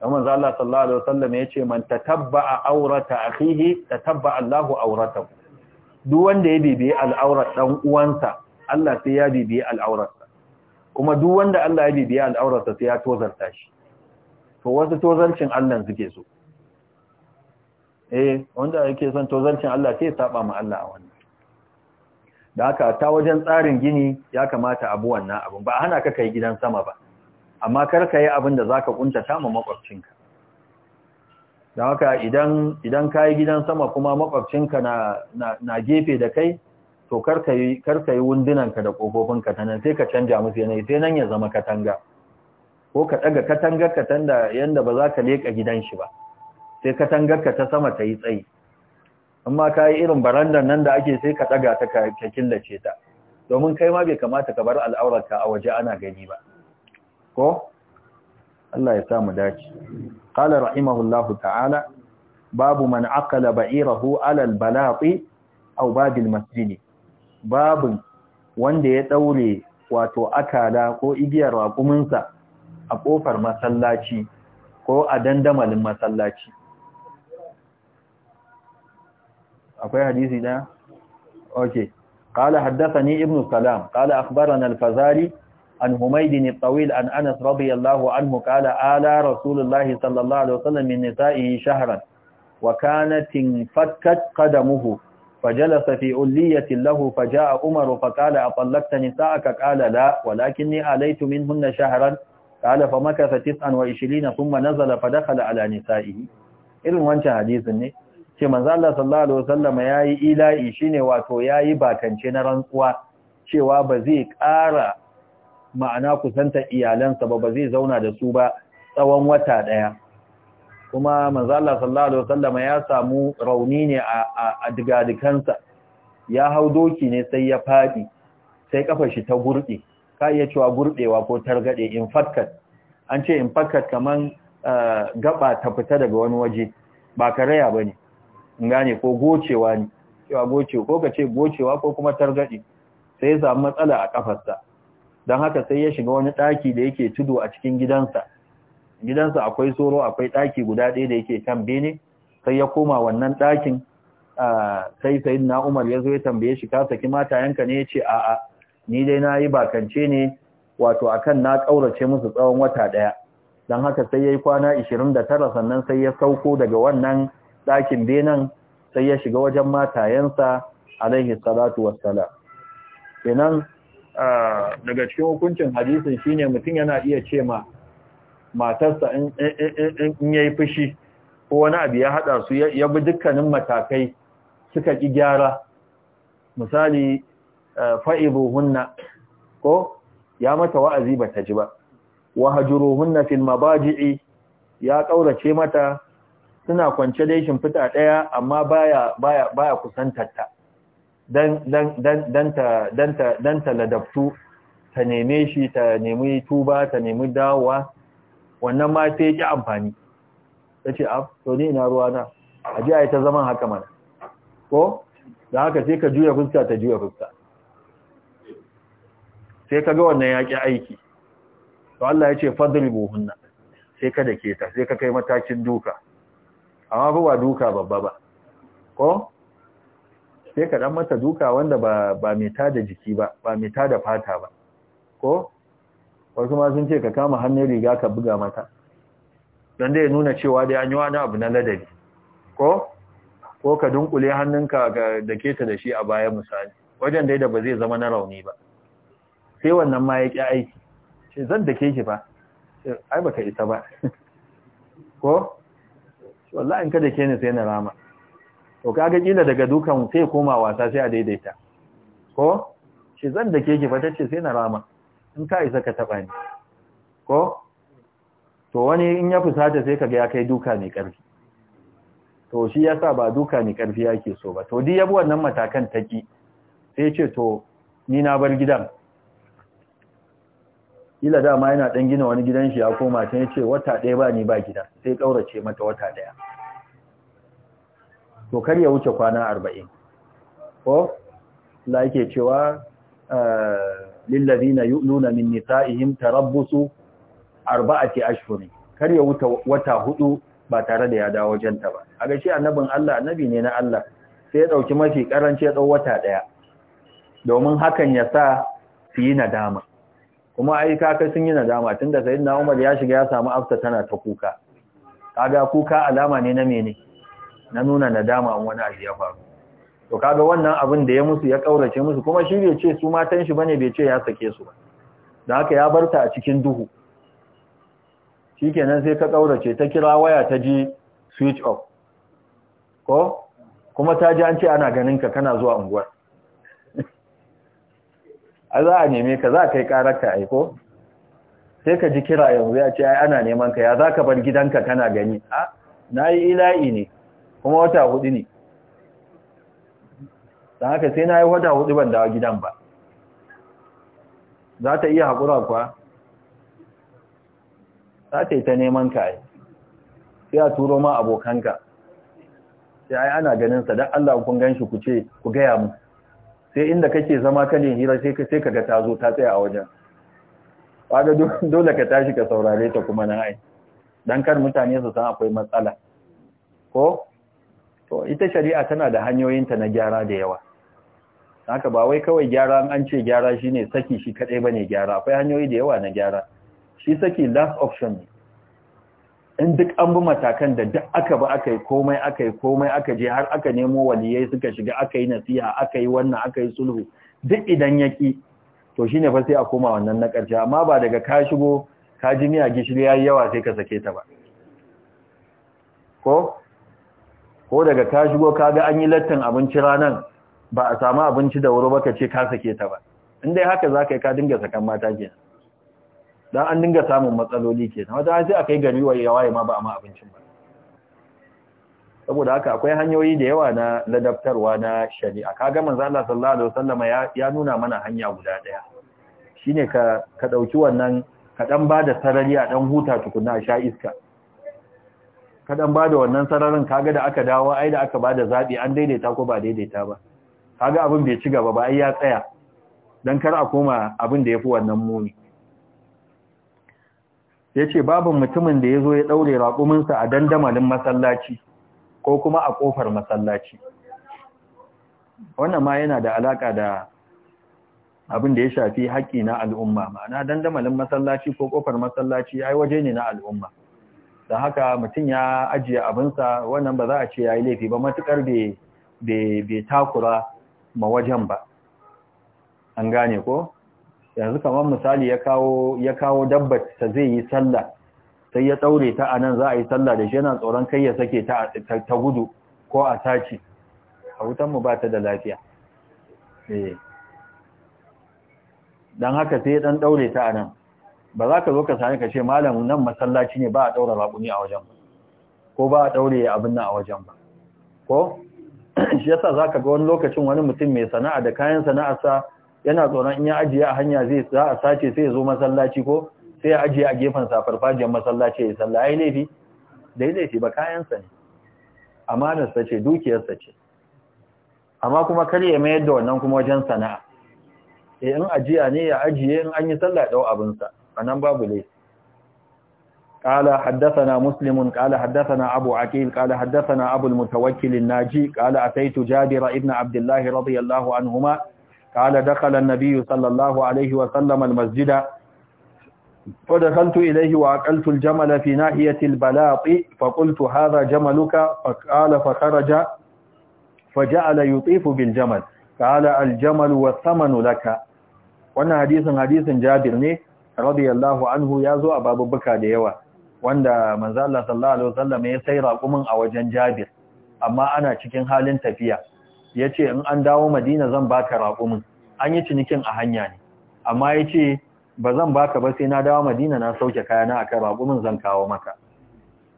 Umar Allah sallallahu alaihi wasallam yace man tatabba'a aurata akhihi tatabba'a Allahu auratahu duk wanda ya bibiye al'aurar dan uwansa Allah sai ya bibiye al'aurarsa kuma duk wanda Allah ya bibiye al'aurarsa sai ya tozarta shi to wasu tozancin Allah suke so eh wanda yake son tozancin Allah sai saba ma Allah a wannan da haka ta wajen tsarin gini ya kamata abu wannan abin ba hana ka kai gidan sama ba amma kar ka yi abin da zaka kunta ma makwabcinka da haka idan idan yi gidan sama kuma makwabcinka na na gefe da kai to kar ka yi kar ka yi wundunanka da kofofinka ta nan sai ka canja musu yanayi sai nan ya zama katanga ko ka ɗaga katangar ka tanda yanda ba za ka leka gidan shi ba sai katangar ka ta sama ta yi tsayi amma ka yi irin barandar nan da ake sai ka ɗaga ta ka killace ta domin kai ma bai kamata ka bar al'aurarka a waje ana gani ba ko Allah ya samu dace qala rahimahullahu ta'ala babu man aqala ba'irahu ala al-balati aw babil masjid babu wanda ya daure wato akala ko igiyar raƙuminsa a ƙofar masallaci ko a dandamalin masallaci. Akwai hadisi da? Ok. Kala haddasa ni Ibn Salam, kala akbaran alfazari, an humaydi ni tsawil an anas radiyallahu anhu kala ala rasulullahi sallallahu alaihi wasallam min nisa'ihi shahran wa kanatin fakkat qadamuhu Umaru في a له فجاء أمر فقال أطلقت نساءك قال لا ولكني آليت منهن قال فمكث 29 ثم نزل فدخل على نسائه irin wancan hadisin ne ce manzo Allah sallallahu alaihi wasallam yayi ila'i shine wato yayi bakance na rantsuwa cewa ba zai ƙara ma'ana kusanta iyalansa ba ba zai zauna da su ba tsawon wata daya kuma manzo Allah sallallahu alaihi wasallam ya samu rauni ne a digadikansa ya hau doki ne sai ya fadi sai kafar shi ta gurɗe ka iya cewa gurɗewa ko targade infakkat an ce infakkat kaman eh, gaba ta fita daga wani waje ba karaya bane gane ko gocewa ne cewa gocewa ko ka ce gocewa ko kuma targaɗe? sai ya samu matsala a kafarsa don haka sai ya shiga wani ɗaki da yake tudu a cikin gidansa gidansa akwai tsoro akwai ɗaki guda ɗaya da yake kan bene sai ya koma wannan ɗakin eh, sai sai na umar ya zo ya tambaye shi ka saki mata yanka ne ya ce a'a ni dai na yi bakance ne wato akan na ƙaurace musu tsawon wata ɗaya don haka sai ya yi kwana 29 sannan sai ya sauko daga wannan ɗakin benin sai ya shiga wajen matayensa alaihi salatu wassalam kenan daga cikin hukuncin hadisin shine mutum yana iya ce ma matarsa in ya yi fushi ko wani abu ya haɗa su ya bi dukkanin matakai suka ki gyara misali Eh, fa'iduhunna. ko ya mata wa'azi ba ta ji ba wa hajuruhunna fil mabaji'i ya kaurace mata suna kwance shin fita daya amma baya baya baya kusantarta dan dan dan dan ta dan ladabtu ta neme shi ta nemi tuba ta nemi dawowa wannan ma sai ki amfani tace a ah, to ni ina ruwa na aje ai ta zaman haka mana ko da haka sai ka juya fuska ta juya fuska sai kaga wannan yaki aiki to Allah ya ce buhunna sai ka dake ta sai ka kai matakin duka amma ba wa duka babba ba ko sai ka dan mata duka wanda ba ba mai tada jiki ba ba mai tada fata ba ko wasu ma sun ce ka kama hannun riga ka buga mata don dai nuna cewa dai an yi wani abu na ladabi ko ko ka dunkule hannunka da keta da shi a baya misali wajen dai da ba zai zama na rauni ba sai wannan ma ya ƙi aiki shi zan da ke shi ba ai ba ka isa ba ko wallahi in ka da ke ni sai na rama to kaga kila daga dukan sai koma wasa sai a daidaita ko shi zan da ke ki ba tace sai na rama in ka isa ka taba ni ko to wani in ya fusata sai kaga ya kai duka mai karfi to shi yasa ba duka mai karfi yake so ba to di bi wannan matakan taki sai ce to ni na bar gidan kila dama yana dan gina wani gidan shi ya koma ya yace wata ɗaya ba ni ba gida sai kaurace mata wata ɗaya to kar ya wuce kwana 40 ko la yake cewa eh, ladina yu'luna min nisa'ihim tarabbusu arba'ati ashhur kar ya wuta wata hudu ba tare da ya dawo wajenta ba a gashi annabin Allah annabi ne na Allah sai ya dauki mafi karanci ya dau wata ɗaya, domin hakan ya sa su yi nadama kuma ai kaka sun yi nadama Tun tunda sayyidina Umar ya shiga ya samu afta tana ta kuka kaga kuka alama ne na mene na nuna nadama in wani abu ya faru to kaga wannan abin da ya musu ya kaurace musu kuma shi bai ce su matan shi bane bai ce ya sake su ba da haka ya barta a cikin duhu shikenan sai ka kaurace ta kira waya ta ji switch off ko kuma ta ji an ce ana ganin ka kana zuwa unguwar a za a neme ka za a kai karar ka aiko sai ka ji kira yanzu ya ce ai ana neman ka ya za ka bar gidanka kana gani a na yi ila'i ne kuma wata hudu ne don haka sai na yi wata hudu ban dawo gidan ba za ta iya haƙura kuwa za ta yi ta neman ka yi sai a turo ma abokanka sai ai ana ganin sa don Allah kun gan shi ku ce ku gaya mu sai inda kake zama yin hira sai ka sai kaga ta zo ta tsaya a wajen kaga dole ka tashi ka saurare ta kuma na ai dan kar mutane su san akwai matsala ko to ita shari'a tana da hanyoyin ta na gyara da yawa haka ba wai kawai gyara an ce gyara shine saki shi kadai bane gyara akwai hanyoyi da yawa na gyara shi saki last option ne in duk an bi matakan da duk aka bi aka yi komai aka yi komai aka je har aka nemo waliyai suka shiga aka yi nasiha aka yi wannan aka yi sulhu duk idan ya ki to shine fa sai a koma wannan na ƙarshe amma ba daga ka shigo ka ji miya gishiri yayi yawa sai ka sake ta ba ko ko daga ka shigo ka ga an yi lattin abinci ranan ba a samu abinci da wuri ba ka ce ka sake ta ba in dai haka za ka yi ka dinga sakan mata kenan dan an dinga samun matsaloli ke na wata sai akai gari wa yawa ma ba a ma abincin ba saboda haka akwai hanyoyi da yawa na ladabtarwa na shari'a kaga manzo Allah sallallahu alaihi wasallama ya, nuna mana hanya guda daya shine ka ka dauki wannan ka dan bada sarari a dan huta tukuna sha iska ka dan bada wannan sararin kaga da aka dawo ai da aka bada zabi an daidaita ko ba daidaita ba kaga abin bai ci gaba ba ai ya tsaya dan kar a koma abin da yafi wannan muni ya ce babin mutumin da ya zo ya ɗaure raƙuminsa a dandamalin masallaci ko kuma a ƙofar masallaci wannan ma yana da alaƙa da abin da ya shafi haƙƙi na al'umma ma'ana dandamalin masallaci ko ƙofar masallaci ai waje ne na al'umma da haka mutum ya ajiye abinsa wannan ba za a ce ya yi laifi ba matuƙar bai takura ma wajen ba an gane ko yanzu kamar misali ya kawo ya kawo dabbar ta zai yi sallah sai ya daure ta anan za a yi sallah da shi yana tsoron kai ya sake ta ta gudu ko a saci a wutan mu ba ta da lafiya eh dan haka sai dan daure ta nan, ba za ka zo ka sani ka ce malam nan masallaci ne ba a daura raƙumi a wajen ba ko ba a daure abin nan a wajen ba ko shi yasa zaka ga wani lokacin wani mutum mai sana'a da kayan sana'arsa yana tsoron in ya ajiye a hanya zai za a sace sai ya zo masallaci ko sai ya ajiye a gefen sa farfajiyar masallaci ya sallah ai laifi dai laifi ba kayan sa ne amanar sa ce dukiyar sa ce amma kuma kar ya mayar da wannan kuma wajen sana'a eh in ajiya ne ya ajiye in an yi sallah dau abin sa anan babu laifi قال حدثنا مسلم قال حدثنا أبو عقيل قال حدثنا أبو المتوكل الناجي قال أتيت جابر ابن عبد الله رضي الله عنهما قال دخل النبي صلى الله عليه وسلم المسجد فدخلت إليه وأقلت الجمل في ناحية البلاط فقلت هذا جملك فقال فخرج فجعل يطيف بالجمل قال الجمل والثمن لك wannan hadisin hadisin Jabir ne radiyallahu anhu zo a buka da yawa wanda manzo Allah sallallahu alaihi wasallam ya sai raƙumin a wajen Jabir amma ana cikin halin tafiya ya ce in an dawo madina zan ba ka raƙumin an yi cinikin a hanya ne amma ya ce ba zan ba ka ba sai na dawo madina na sauke kayana a kan raƙumin zan kawo maka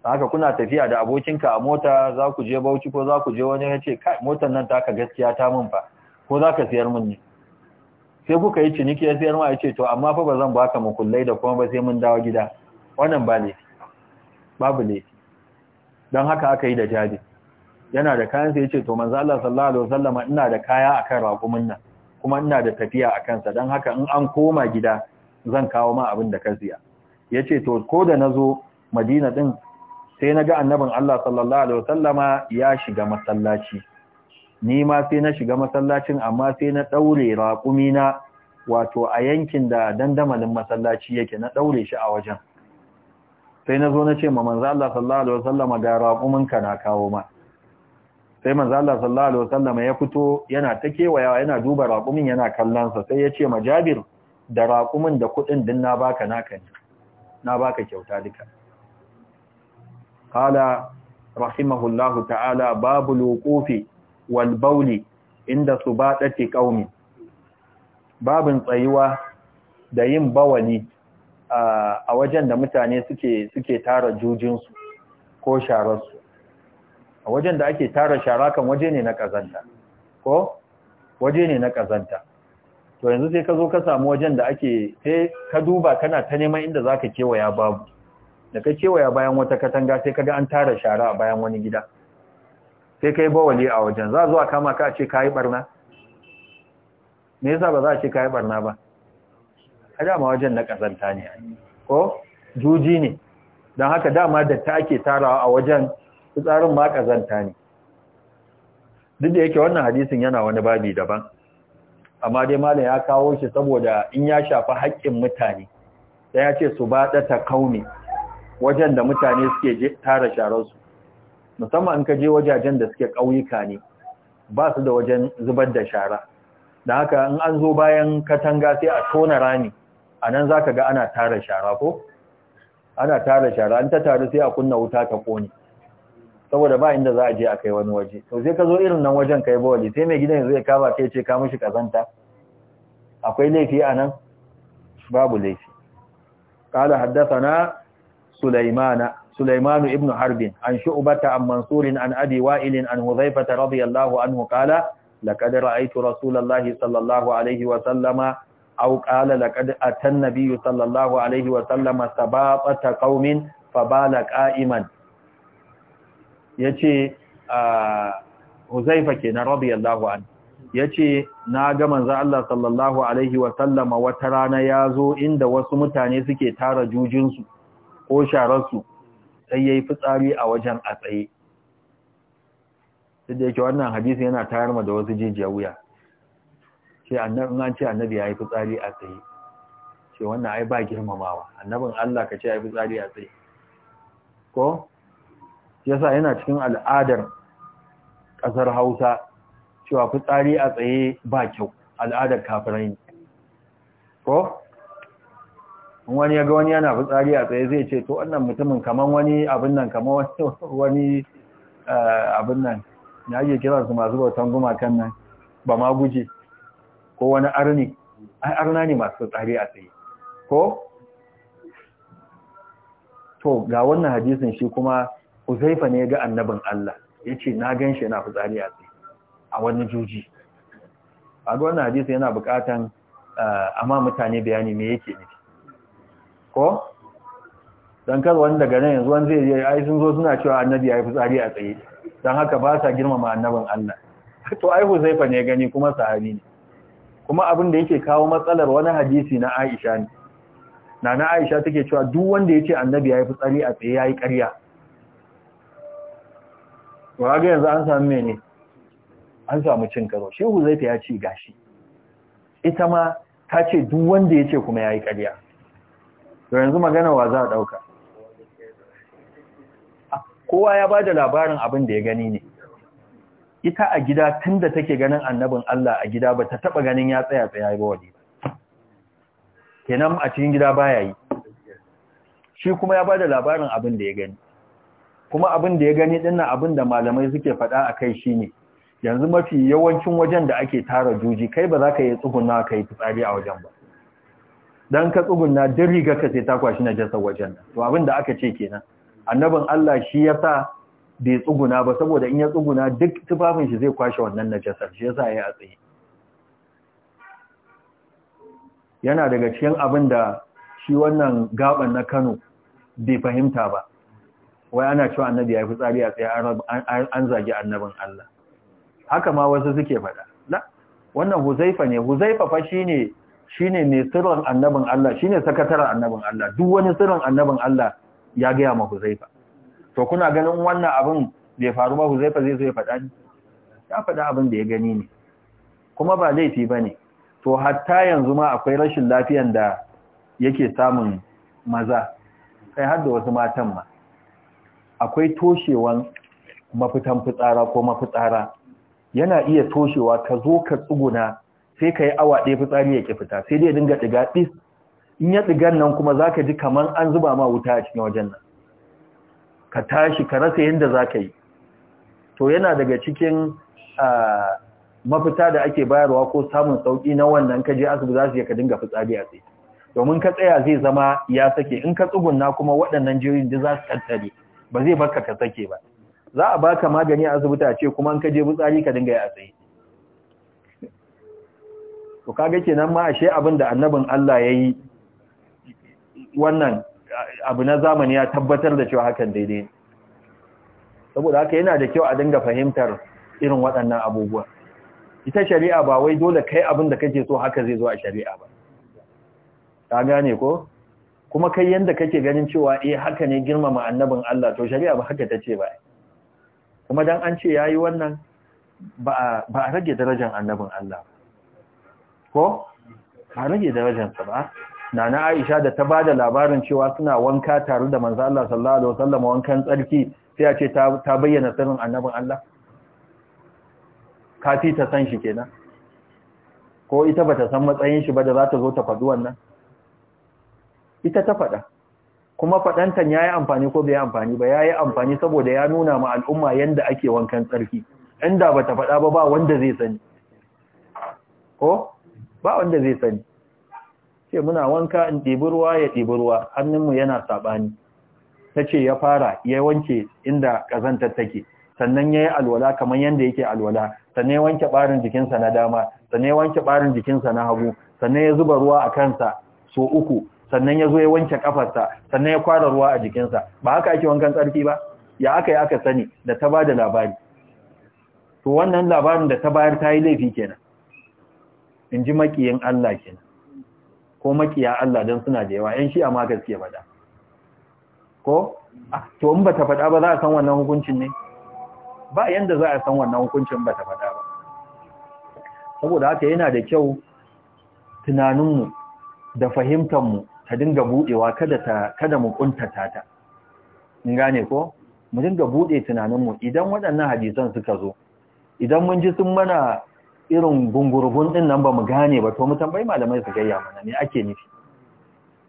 haka kuna tafiya da abokinka a mota za ku je bauchi ko za ku je wani ya ce motar nan taka gaskiya ta min fa ko za ka siyar min ne sai kuka yi ciniki ya siyar ma ya ce to amma fa ba zan ba baka mukullai da kuma ba sai mun dawo gida wannan ba ne babu ne don haka aka yi da jabi yana da kayan sai ce to manzo Allah sallallahu alaihi wasallama ina da kaya akan raƙumin nan kuma ina da tafiya akan sa dan haka in an koma gida zan kawo ma abin da ka siya yace to ko da nazo Madina din sai naga annabin Allah sallallahu alaihi wasallama ya shiga masallaci ni ma sai na shiga masallacin amma sai na daure raƙumi na wato a yankin da dandamalin masallaci yake na daure shi a wajen sai nazo zo na ce ma manzo Allah sallallahu alaihi wasallama ga raƙumin ka na kawo ma sai manzo Allah sallallahu alaihi wasallam ya fito yana ta kewayawa yana duba raƙumin yana kallon sa sai ya ce ma Jabir da raƙumin da kuɗin din na baka naka ne na baka kyauta duka qala rahimahullahu ta'ala babu wuqufi wal bawli inda subadati qaumi babin tsayuwa da yin bawani a wajen da mutane suke suke tara jujinsu ko shararsu a wajen da ake tara shara kan waje ne na kazanta ko waje ne na kazanta to yanzu sai ka zo ka samu wajen da ake sai ka duba kana ta neman inda zaka kewaya babu da ka kewaya bayan wata katanga sai kaga an tara shara a bayan wani gida sai kai bawali a wajen za zuwa kama ka ce kai barna me yasa ba za a ce kai barna ba a dama wajen na kazanta ne ko juji ne don haka dama da ta ake tarawa a wajen fitsarin ma kazanta ne duk da yake wannan hadisin yana wani babi daban amma dai malam ya kawo shi saboda in ya shafi haƙƙin mutane sai ya ce su ba ta kauni wajen da mutane suke tara shararsu musamman in ka je wajajen da suke ƙauyuka ne ba su da wajen zubar da shara da haka in an zo bayan katanga sai a tona rami a nan za ga ana tara shara ko? ana tara shara an ta taru sai a kunna wuta ta ƙone saboda ba inda za je a kai wani waje to sai ka zo irin nan wajen kai ba sai mai gidan zai kaba kai ce ka mishi kazanta akwai laifi a nan babu laifi kala haddathana sulaimana sulaiman ibn harbin an shu'bata a mansurin an abi wa'ilin, an hudhaifa radiyallahu anhu kala laqad ra'aytu rasulallahi sallallahu alaihi wa sallama aw qala laqad atanna sallallahu alaihi wa sallama sabata qaumin fabala qa'iman ya ce ah, huzaifa ke na radiyallahu an ya ce na ga za Allah sallallahu Alaihi wasallama wata rana ya zo inda wasu mutane suke tara jujinsu ko shararsu sai ya yi fitsari a wajen a tsaye sai da yake wannan hadisi yana tayar ma da wasu jijiya wuya ce an ce annabi ya yi fitsari a tsaye ce wannan ai ba girmamawa annabin Allah ka ce ya yi fitsari a tsaye ko yasa yana cikin al'adar ƙasar hausa cewa fitsari a tsaye ba kyau al'adar kafirai ko wani ya ga wani yana fitsari a tsaye zai ce to wannan mutumin kaman wani abin nan kaman wani eh, abin nan na ake kiransu masu bautan gumakan nan ba ma guje ko wani arni ai arna ne masu fitsari a tsaye ko to ga wannan hadisin shi kuma uzaifa ne ga annabin Allah ya ce na gan shi yana fitsari a tsaye a wani juji a ga wannan hadisi yana bukatan eh, amma mutane bayani me yake ne ko don kar wani daga nan yanzu wani zai yi ai zo suna cewa annabi ya yi fitsari a tsaye don haka ba sa girmama annabin Allah to ai Huzaifa ne gani kuma sahabi ne kuma abin da yake kawo matsalar wani hadisi na Aisha ne na na Aisha take cewa duk wanda ce annabi ya yi fitsari a tsaye ya yi ƙarya to ga yanzu an samu mene an samu cin karo shi Huzaifa ya ce gashi ita ma ta ce duk wanda ya ce kuma yayi ƙarya to yanzu magana wa za a dauka kowa ya bada labarin abin da ya gani ne ita a gida tunda take ganin annabin Allah a gida ba ta taba ganin ya tsaya tsaya ba wani kenan a cikin gida baya yi shi kuma ya bada labarin abin da ya gani kuma abin da ya gani dinnan abin da malamai suke faɗa a kai shine yanzu mafi yawancin wajen da ake tara juji kai ba za ka yi tsuguna ka yi fitsari a wajen ba dan ka tsuguna don rigar ka sai shi na najasar wajen nan, to abin da aka ce kenan annabin Allah shi ya sa bai tsuguna ba saboda in ya tsuguna duk tufafin shi zai kwashe wannan na najasar shi ya ya yayi a tsaye yana daga cikin abin da shi wannan gaban na Kano bai fahimta ba wai ana cewa annabi ya fi tsari a tsaye an zagi annabin Allah haka ma wasu suke faɗa wannan huzaifa ne huzaifa fa shine mai sirrin annabin Allah shi ne sakataren annabin Allah duk wani sirrin annabin Allah ya gaya ma huzaifa to kuna ganin wannan abin bai faru ba huzaifa zai zo ya faɗa ni ya faɗa abin da ya gani ne kuma ba laifi ba ne. to hatta yanzu ma akwai rashin lafiyan da yake samun maza kai har da wasu matan ma akwai toshewan mafitan fitsara ko mafitsara yana iya toshewa ka zo ka tsuguna sai ka yi awa ɗaya fitsari ya ke fita sai dai dinga ɗiga ɗis in ya ɗigan nan kuma za ka ji kamar an zuba ma wuta a cikin wajen nan ka tashi ka rasa yadda za ka yi to yana daga cikin mafita da ake bayarwa ko samun sauƙi na wannan ka je asibi za su je ka dinga fitsari a tsaye domin ka tsaya zai zama ya sake in ka tsugunna kuma waɗannan jiyoyin da za su tattare ba zai baka ka sake ba za a baka magani a asibiti a ce kuma an kaje butsari ka dinga yi a tsaye to kaga kenan ma ashe abin da annabin Allah yayi wannan abu na zamani ya tabbatar da cewa hakan daidai saboda haka yana da kyau a dinga fahimtar irin waɗannan abubuwa ita shari'a ba wai dole kai abin da kake so haka zai zo a shari'a ba ka gane ko kuma kai yanda kake ganin cewa eh haka ne girmama annabin Allah to shari'a ba haka tace ba kuma dan an ce yayi wannan ba a rage darajar annabin Allah ko ba rage darajarsa ba nana Aisha da ta bada labarin cewa suna wanka tare da manzo Allah sallallahu alaihi wasallam wankan tsarki sai a ce ta bayyana sirrin annabin Allah kafi ta san shi kenan ko ita bata san matsayin shi ba da za ta zo ta faɗi wannan ita ta faɗa kuma faɗantan ya yi amfani ko bai amfani ba ya yi amfani saboda ya nuna ma al'umma yadda ake wankan tsarki inda ba ta faɗa ba ba wanda zai sani ko ba wanda zai sani ce muna wanka in ɗibi ruwa ya ɗibi ruwa hannunmu yana saɓani ta ce ya fara ya wanke inda ƙazantar take sannan ya yi alwala kamar yadda yake alwala sannan ya wanke ɓarin jikinsa na dama sannan ya wanke ɓarin jikinsa na hagu sannan ya zuba ruwa a kansa so uku sannan ya zo ya wanke kafarsa sannan ya kwara ruwa a jikinsa ba haka ake wankan tsarki ba ya aka yi aka sani da ta ba da labari to wannan labarin da ta bayar ta yi laifi kenan in ji makiyin Allah kenan ko makiya Allah don suna da yawa ‘yan shi a maka suke faɗa ko? Ah, to in ba ta faɗa ba za a san wannan hukuncin ne ba yanda za a san wannan hukuncin ba ta faɗa ba saboda haka yana da kyau tunaninmu da fahimtanmu ta dinga buɗewa kada ta kada mu kuntata ta in gane ko mu dinga buɗe tunaninmu idan waɗannan hadisan suka zo idan mun ji sun mana irin gungurgun din nan ba mu gane ba to mu tambayi malamai su gayya mana me ake nufi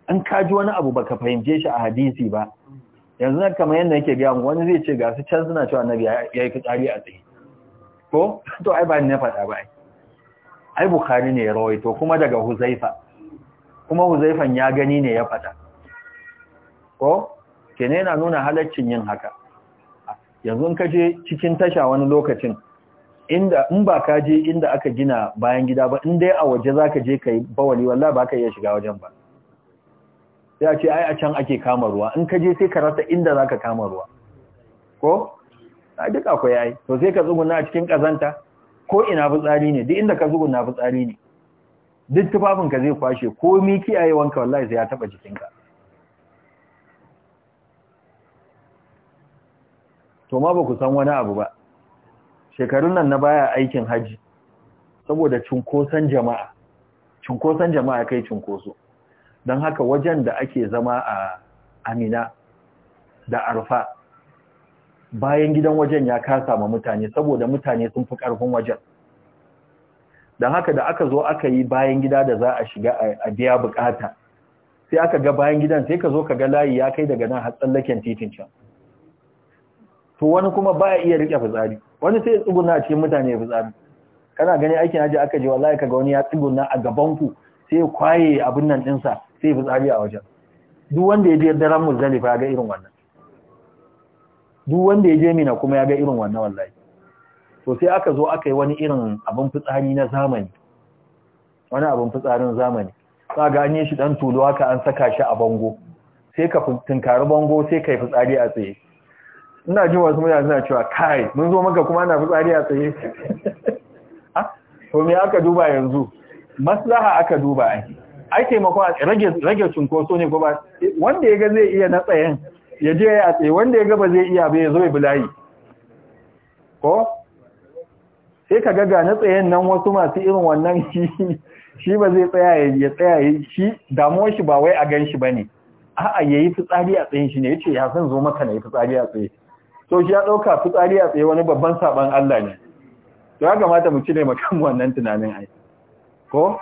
an kaji wani abu baka fahimce shi a hadisi ba yanzu nan kamar yadda yake gaya mu wani zai ce ga su can suna cewa annabi ya yi fitsari a tsaye ko to ai ba ni na faɗa ba ai ai bukhari ne ya rawaito kuma daga huzaifa kuma huzaifan ya gani ne ya faɗa ko kene na nuna halaccin yin haka yanzu in ka je cikin tasha wani lokacin inda in ba ka je inda aka gina bayan gida ba in dai a waje zaka je kai bawali wallahi ba iya shiga wajen ba sai a ce ai a can ake kama ruwa in ka je sai ka rasa inda zaka kama ruwa ko a duk akwai ai to sai ka tsuguna a cikin kazanta ko ina fitsari ne duk inda ka zuguna fitsari ne duk tufafin ka zai kwashe ko mi wanka, wallahi sai ya taba jikinka to ma ba ku san wani abu ba shekarun nan na baya aikin haji saboda cunkoson jama'a cunkoson jama'a kai cunkoso don haka wajen da ake zama a amina da arfa bayan gidan wajen ya kasa ma mutane saboda mutane sun fi ƙarfin wajen don haka da aka zo aka yi bayan gida da za a shiga a biya bukata sai aka ga bayan gidan sai ka zo ka ga layi ya kai daga nan har tsallaken titin can to wani kuma baya iya rike fitsari wani sai ya tsuguna cikin mutane ya fitsari kana gani aikin aji aka je wallahi ga wani ya tsuguna a gaban ku sai ya kwaye abin nan dinsa sai ya fitsari a wajen duk wanda ya je daren muzalifa ya ga irin wannan duk wanda ya je mina kuma ya ga irin wannan wallahi so sai aka zo aka yi wani irin abin fitsari na zamani wani abin fitsarin zamani sa ga an yi shi dan tulu haka an saka shi a bango sai ka tunkari bango sai ka yi fitsari a tsaye ina jin wasu mutane suna cewa kai mun zo maka kuma ana fitsari a tsaye ah, to me aka duba yanzu maslaha aka duba ai ai taimako a rage rage cunkoso ne ko ba wanda ya ga zai iya na tsayen ya je ya tsaye wanda ya ga ba zai iya ba ya zo ya bulayi ko sai ka ga na tsayen nan wasu masu irin wannan shi shi ba zai tsaya ya tsaya shi damuwar shi ba wai a gan shi ba ne a'a ya yi fitsari a tsayin shi ne ya ya san zo maka na fitsari a tsaye to shi ya ɗauka fitsari a tsaye wani babban saban Allah ne to ya kamata mu cire maka wannan tunanin ai ko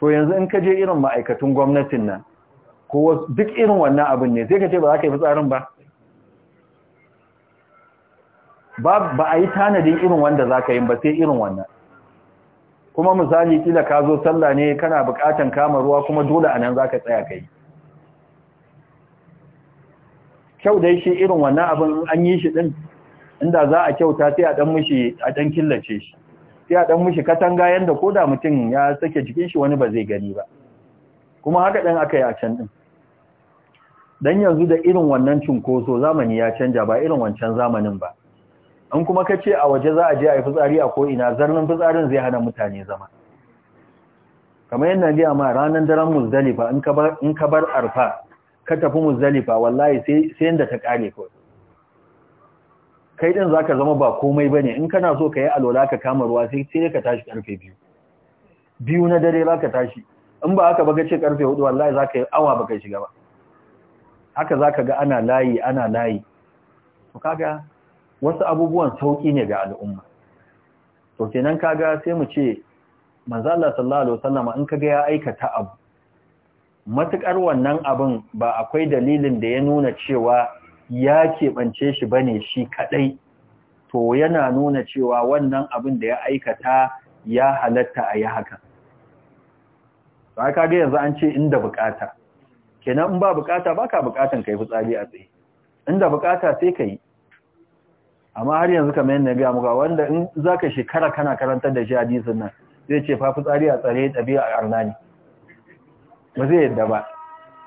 to yanzu in ka je irin ma'aikatun gwamnatin nan ko duk irin wannan abin ne sai ka ce ba za ka yi fitsarin ba ba ba a yi tanadin irin wanda za ka yi ba sai irin wannan kuma misali kila ka zo sallah ne kana bukatan kama ruwa kuma dole anan za ka tsaya kai kyau dai shi irin wannan abin an yi shi din inda za a kyauta sai a dan mushi a dan killace shi sai a dan mushi katanga yanda koda mutum ya sake jikin shi wani ba zai gani ba kuma haka dan aka yi a can din dan yanzu da irin wannan cunkoso zamani ya canja ba irin wancan zamanin ba in kuma ka ce a waje za a je a yi fitsari a ko'ina zarnin fitsarin zai hana mutane zama kamar yadda gaya ma ranar daren muzdalifa in ka bar arfa ka tafi muzdalifa wallahi sai yadda ta kare kawai kai din za ka zama ba komai ba ne in kana so ka yi alola ka kama ruwa sai sai ka tashi karfe biyu biyu na dare za ka tashi in ba haka baga ce karfe hudu wallahi za ka yi awa ba kai shiga ba haka za ka ga ana layi ana layi to kaga wasu abubuwan sauƙi ne ga al'umma to kenan kaga sai mu ce manzo Allah sallallahu alaihi wasallam in kaga ya aikata abu matukar wannan abin ba akwai dalilin da ya nuna cewa ya keɓance shi bane shi kadai to yana nuna cewa wannan abin da ya aikata ya halatta a yi haka ba ka ga yanzu an ce inda bukata kenan in ba bukata baka bukatan kai fitsari a tsaye inda bukata sai kai amma har yanzu kamar yadda biya muka wanda in zaka shekara kana karantar da shi hadisin nan zai ce fa fitsari a tsare ɗabi'a arna ne ba zai yadda ba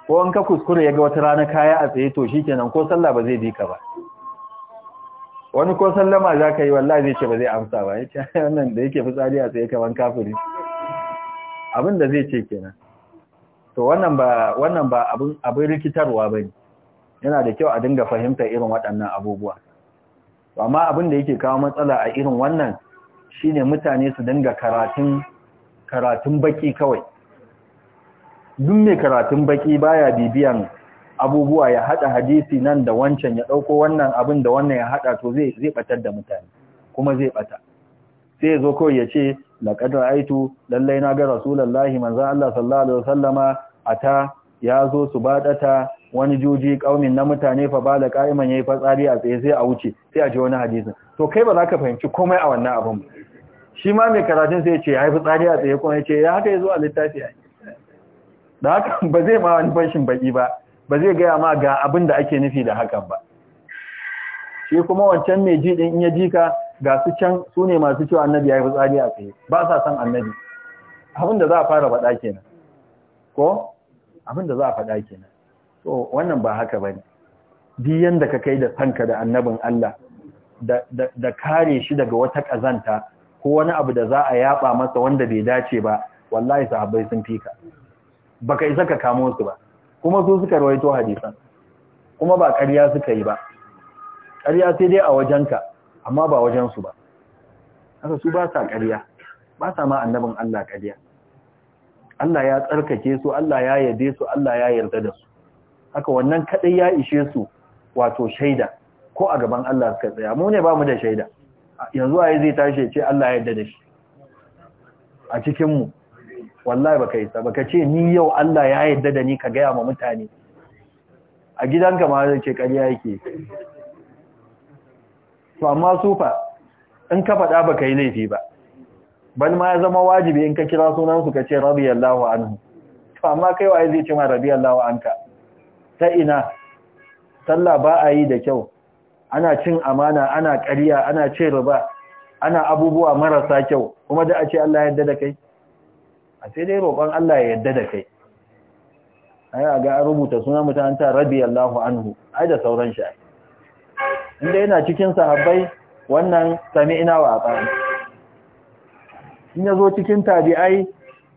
ko an ka kuskure ya ga wata rana kaya a tsaye to shikenan ko sallah ba zai bi ka ba wani ko sallama za ka yi wallahi zai ce ba zai amsa ba ya ce wannan da yake fitsari a tsaye kaman kafiri abin da zai ce kenan to wannan ba wannan ba abin rikitarwa bane yana da kyau a dinga fahimtar irin waɗannan abubuwa amma abin da yake kawo matsala a irin wannan shine mutane su dinga karatun karatun baki kawai duk mai karatun baki baya bibiyan abubuwa ya hada hadisi nan da wancan ya dauko wannan abin da wannan ya hada to zai zai batar da mutane kuma zai bata sai ya kawai ya ce laqad Aitu, lallai na ga rasulullahi manzo Allah sallallahu alaihi wasallama ata ya zo su badata wani juji kaumin na mutane fa ba da ka'iman yayi fatsari a tsaye sai a wuce sai a ji wani hadisin to kai ba za ka fahimci komai a wannan abin ba? shi ma mai karatun sai ya ce yayi fatsari a tsaye kuma ya ce ya haka zo a littafi ai da haka ba zai ma wani fashin baki ba ba zai gaya ma ga abin da ake nufi da hakan ba shi kuma wancan mai ji din in ya ji ka ga su can su ne masu cewa annabi ya yi fitsari a tsaye ba sa san annabi abin da za a fara faɗa kenan ko abin da za a faɗa kenan so wannan ba haka ba ne duk yanda ka kai da sanka da annabin Allah da kare shi daga wata ƙazanta ko wani abu da za a yaba masa wanda bai dace ba wallahi sahabbai sun fika baka isa ka kamo su ba kuma su suka rawaito hadisan kuma ba ƙarya suka yi ba ƙarya sai dai a wajenka amma ba wajen su ba haka su ba sa ƙarya ba sa ma annabin Allah ƙarya Allah ya tsarkake su Allah ya yabe su Allah ya yarda da su haka wannan kadai ya ishe su wato shaida ko a gaban Allah suka tsaya mu ne ba mu da shaida yanzu yi zai tashi ce Allah ya yarda da shi a cikin mu wallahi baka yi baka ce ni yau Allah ya yarda da ni ka ga ya ma mutane a gidanka ma zai ce ƙarya yake to amma sufa in ka faɗa baka yi laifi ba bal ma ya zama wajibi in ka kira sunansu ka ce radiyallahu anhu to amma kai waye zai ce ma radiyallahu anka ta ina sallah ba a yi da kyau ana cin amana ana ƙarya ana ce riba ana abubuwa marasa kyau kuma da a ce Allah ya yarda da kai a sai dai roƙon Allah ya yarda da kai ai a ga rubuta sunan mutanen ta radiyallahu anhu ai da sauran shi inda yana cikin sahabbai wannan sami'ina wa ata'ana in yazo cikin tabi'ai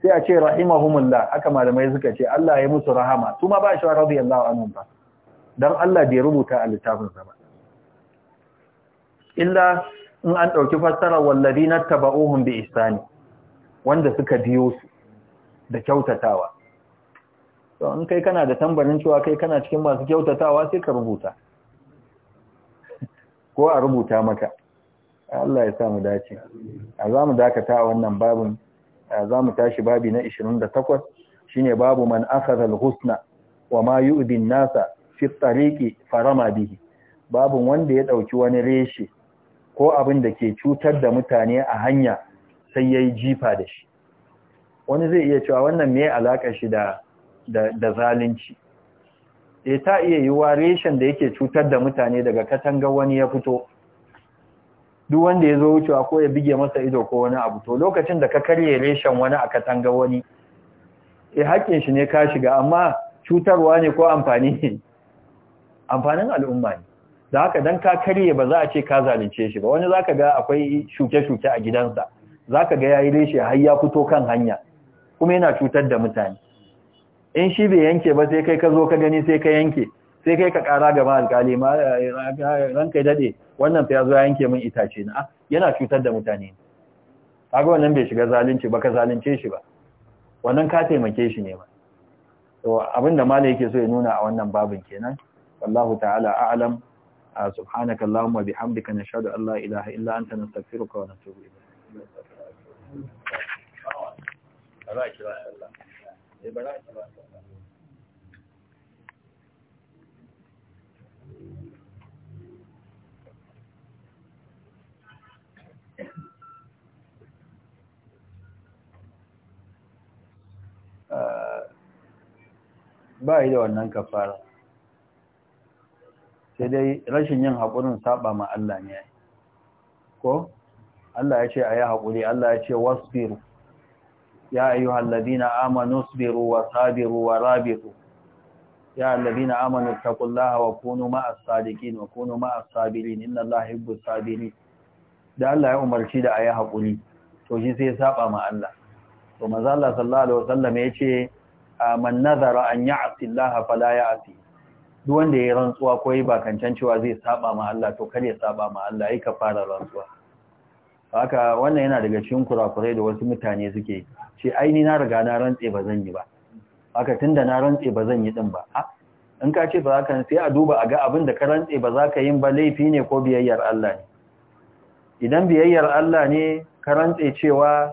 sai a ce rahimahumullah aka malamai suka ce Allah ya musu rahama su ma ba shi radiyallahu anhum ba dan Allah bai rubuta a littafin sa ba illa in an dauki fassara walladina tabauhum bi ihsani wanda suka biyo su da kyautatawa to in kai kana da tambarin cewa kai kana cikin masu kyautatawa sai ka rubuta ko a rubuta maka Allah ya sa mu dace a za mu dakata a wannan babin za mu tashi babi na 28 shine babu man akhadha al-husna wa ma yu'di an-nasa fi tariqi farama bihi babu wanda ya dauki wani reshe ko abin da ke cutar da mutane a hanya sai yayi jifa da shi wani zai iya cewa wannan me alaka shi da da zalunci eh ta iya yiwuwa reshen da yake cutar da mutane daga katangar wani ya fito duk wanda ya zo wucewa ko ya bige masa ido ko wani abu to lokacin da ka karye reshen wani a katanga wani ya eh, haƙƙin shi ne ka shiga amma cutarwa ne ko amfani amfanin al'umma ne da haka dan ka karye ba za a ce ka zalunce shi ba wani zaka ga akwai shuke-shuke a gidansa zaka ga yayi reshe har ya fito kan hanya kuma yana cutar da mutane in shi bai yanke ba sai kai ka zo ka gani sai ka yanke sai kai ka kara gaba alkali ma eh, eh, ranka dade wannan fa zo ya yanke min itace na ah, yana cutar da mutane kaga wannan bai shiga zalunci ba ka zalunce shi ba wannan ka taimake shi ne ma to abinda malai yake so ya nuna a wannan babin kenan wallahu ta'ala a'lam subhanaka allahumma bihamdika nashhadu an la ilaha illa anta nastaghfiruka wa natubu ilayk Allah eh, ba yi da wannan kafara sai dai rashin yin haƙurin saba ma Allah ne ko Allah ya ce a yi haƙuri Allah ya ce wasbiru ya ayyuhal ladina amanu sabiru wa sabiru wa rabitu ya alladhina amanu taqullaha wa kunu ma'as sadiqin wa kunu ma'as sabirin innallaha yuhibbus sabirin da Allah ya umarci da ayi haƙuri to shi sai saba ma Allah to manzo Allah sallallahu alaihi wasallam yace man nazara an asi Allah fala ya'si duk wanda ya yi rantsuwa ko yi bakancan cewa zai saba ma Allah to kare saba ma Allah ai fara rantsuwa haka wannan yana daga cikin kurakurai da wasu mutane suke ce ai ni na riga na rantse ba zan yi ba haka tunda na rantse ba zan yi din ba in ka ce ba za ka sai a duba a ga abin da ka rantse ba za ka yin ba laifi ne ko biyayyar Allah ne idan biyayyar Allah ne ka rantse cewa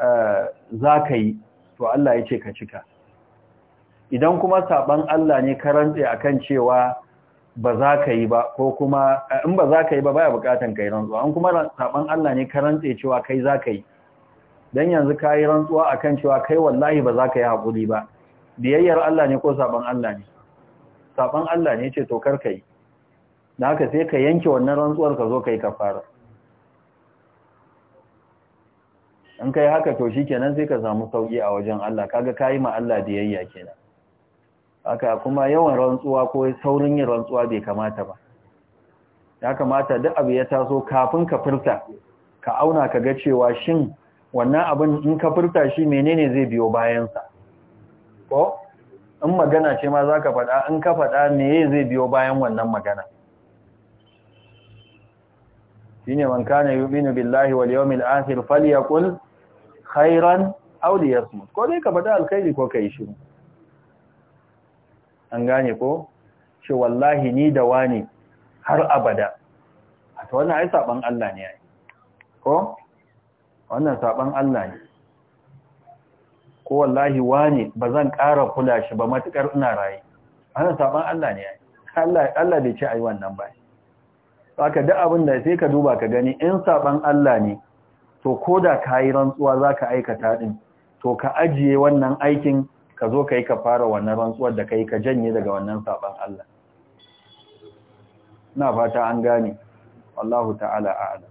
Eh, za ka yi to Allah ya ce ka cika idan kuma saban Allah ne ka rantse akan cewa ba za ka yi ba ko kuma eh, in ba za ka yi ba baya bukatan kai rantsuwa an kuma saban Allah ne ka rantse cewa kai za ka yi dan yanzu ka yi rantsuwa akan cewa kai wallahi ba za ka yi hakuri ba biyayyar Allah ne ko saban Allah ne saban Allah ne ce to kar ka yi Na haka sai ka yanke wannan rantsuwar ka zo kai fara. in kai haka to shi kenan sai ka samu sauki a wajen Allah kaga kayi ma Allah da yayya kenan haka kuma yawan rantsuwa ko saurin yin rantsuwa bai kamata ba ya kamata duk abu ya taso kafin ka furta ka auna ka ga cewa shin wannan abin in ka furta shi menene zai biyo bayansa ko in magana ce ma za ka faɗa in ka faɗa meye zai biyo bayan wannan magana shine ne man kana yubinu billahi wal yawmil akhir falyakul khairan aw liyasmut ko dai ka faɗa alkhairi ko kai shiru an gane ko shi wallahi ni da wani har abada a ta wannan ai saban Allah ne ai ko wannan saban Allah ne ko wallahi wani bazan ƙara kula shi ba matukar ina rayi wannan saban Allah ne ai Allah Allah bai ce ai wannan ba haka da abin da sai ka duba ka gani in saban Allah ne to ko da ka yi rantsuwa za ka aikata ɗin to ka ajiye wannan aikin ka zo ka yi ka fara wannan rantsuwar da ka yi ka janye daga wannan saɓan Allah na fata an gane Allahu ta'ala a'ala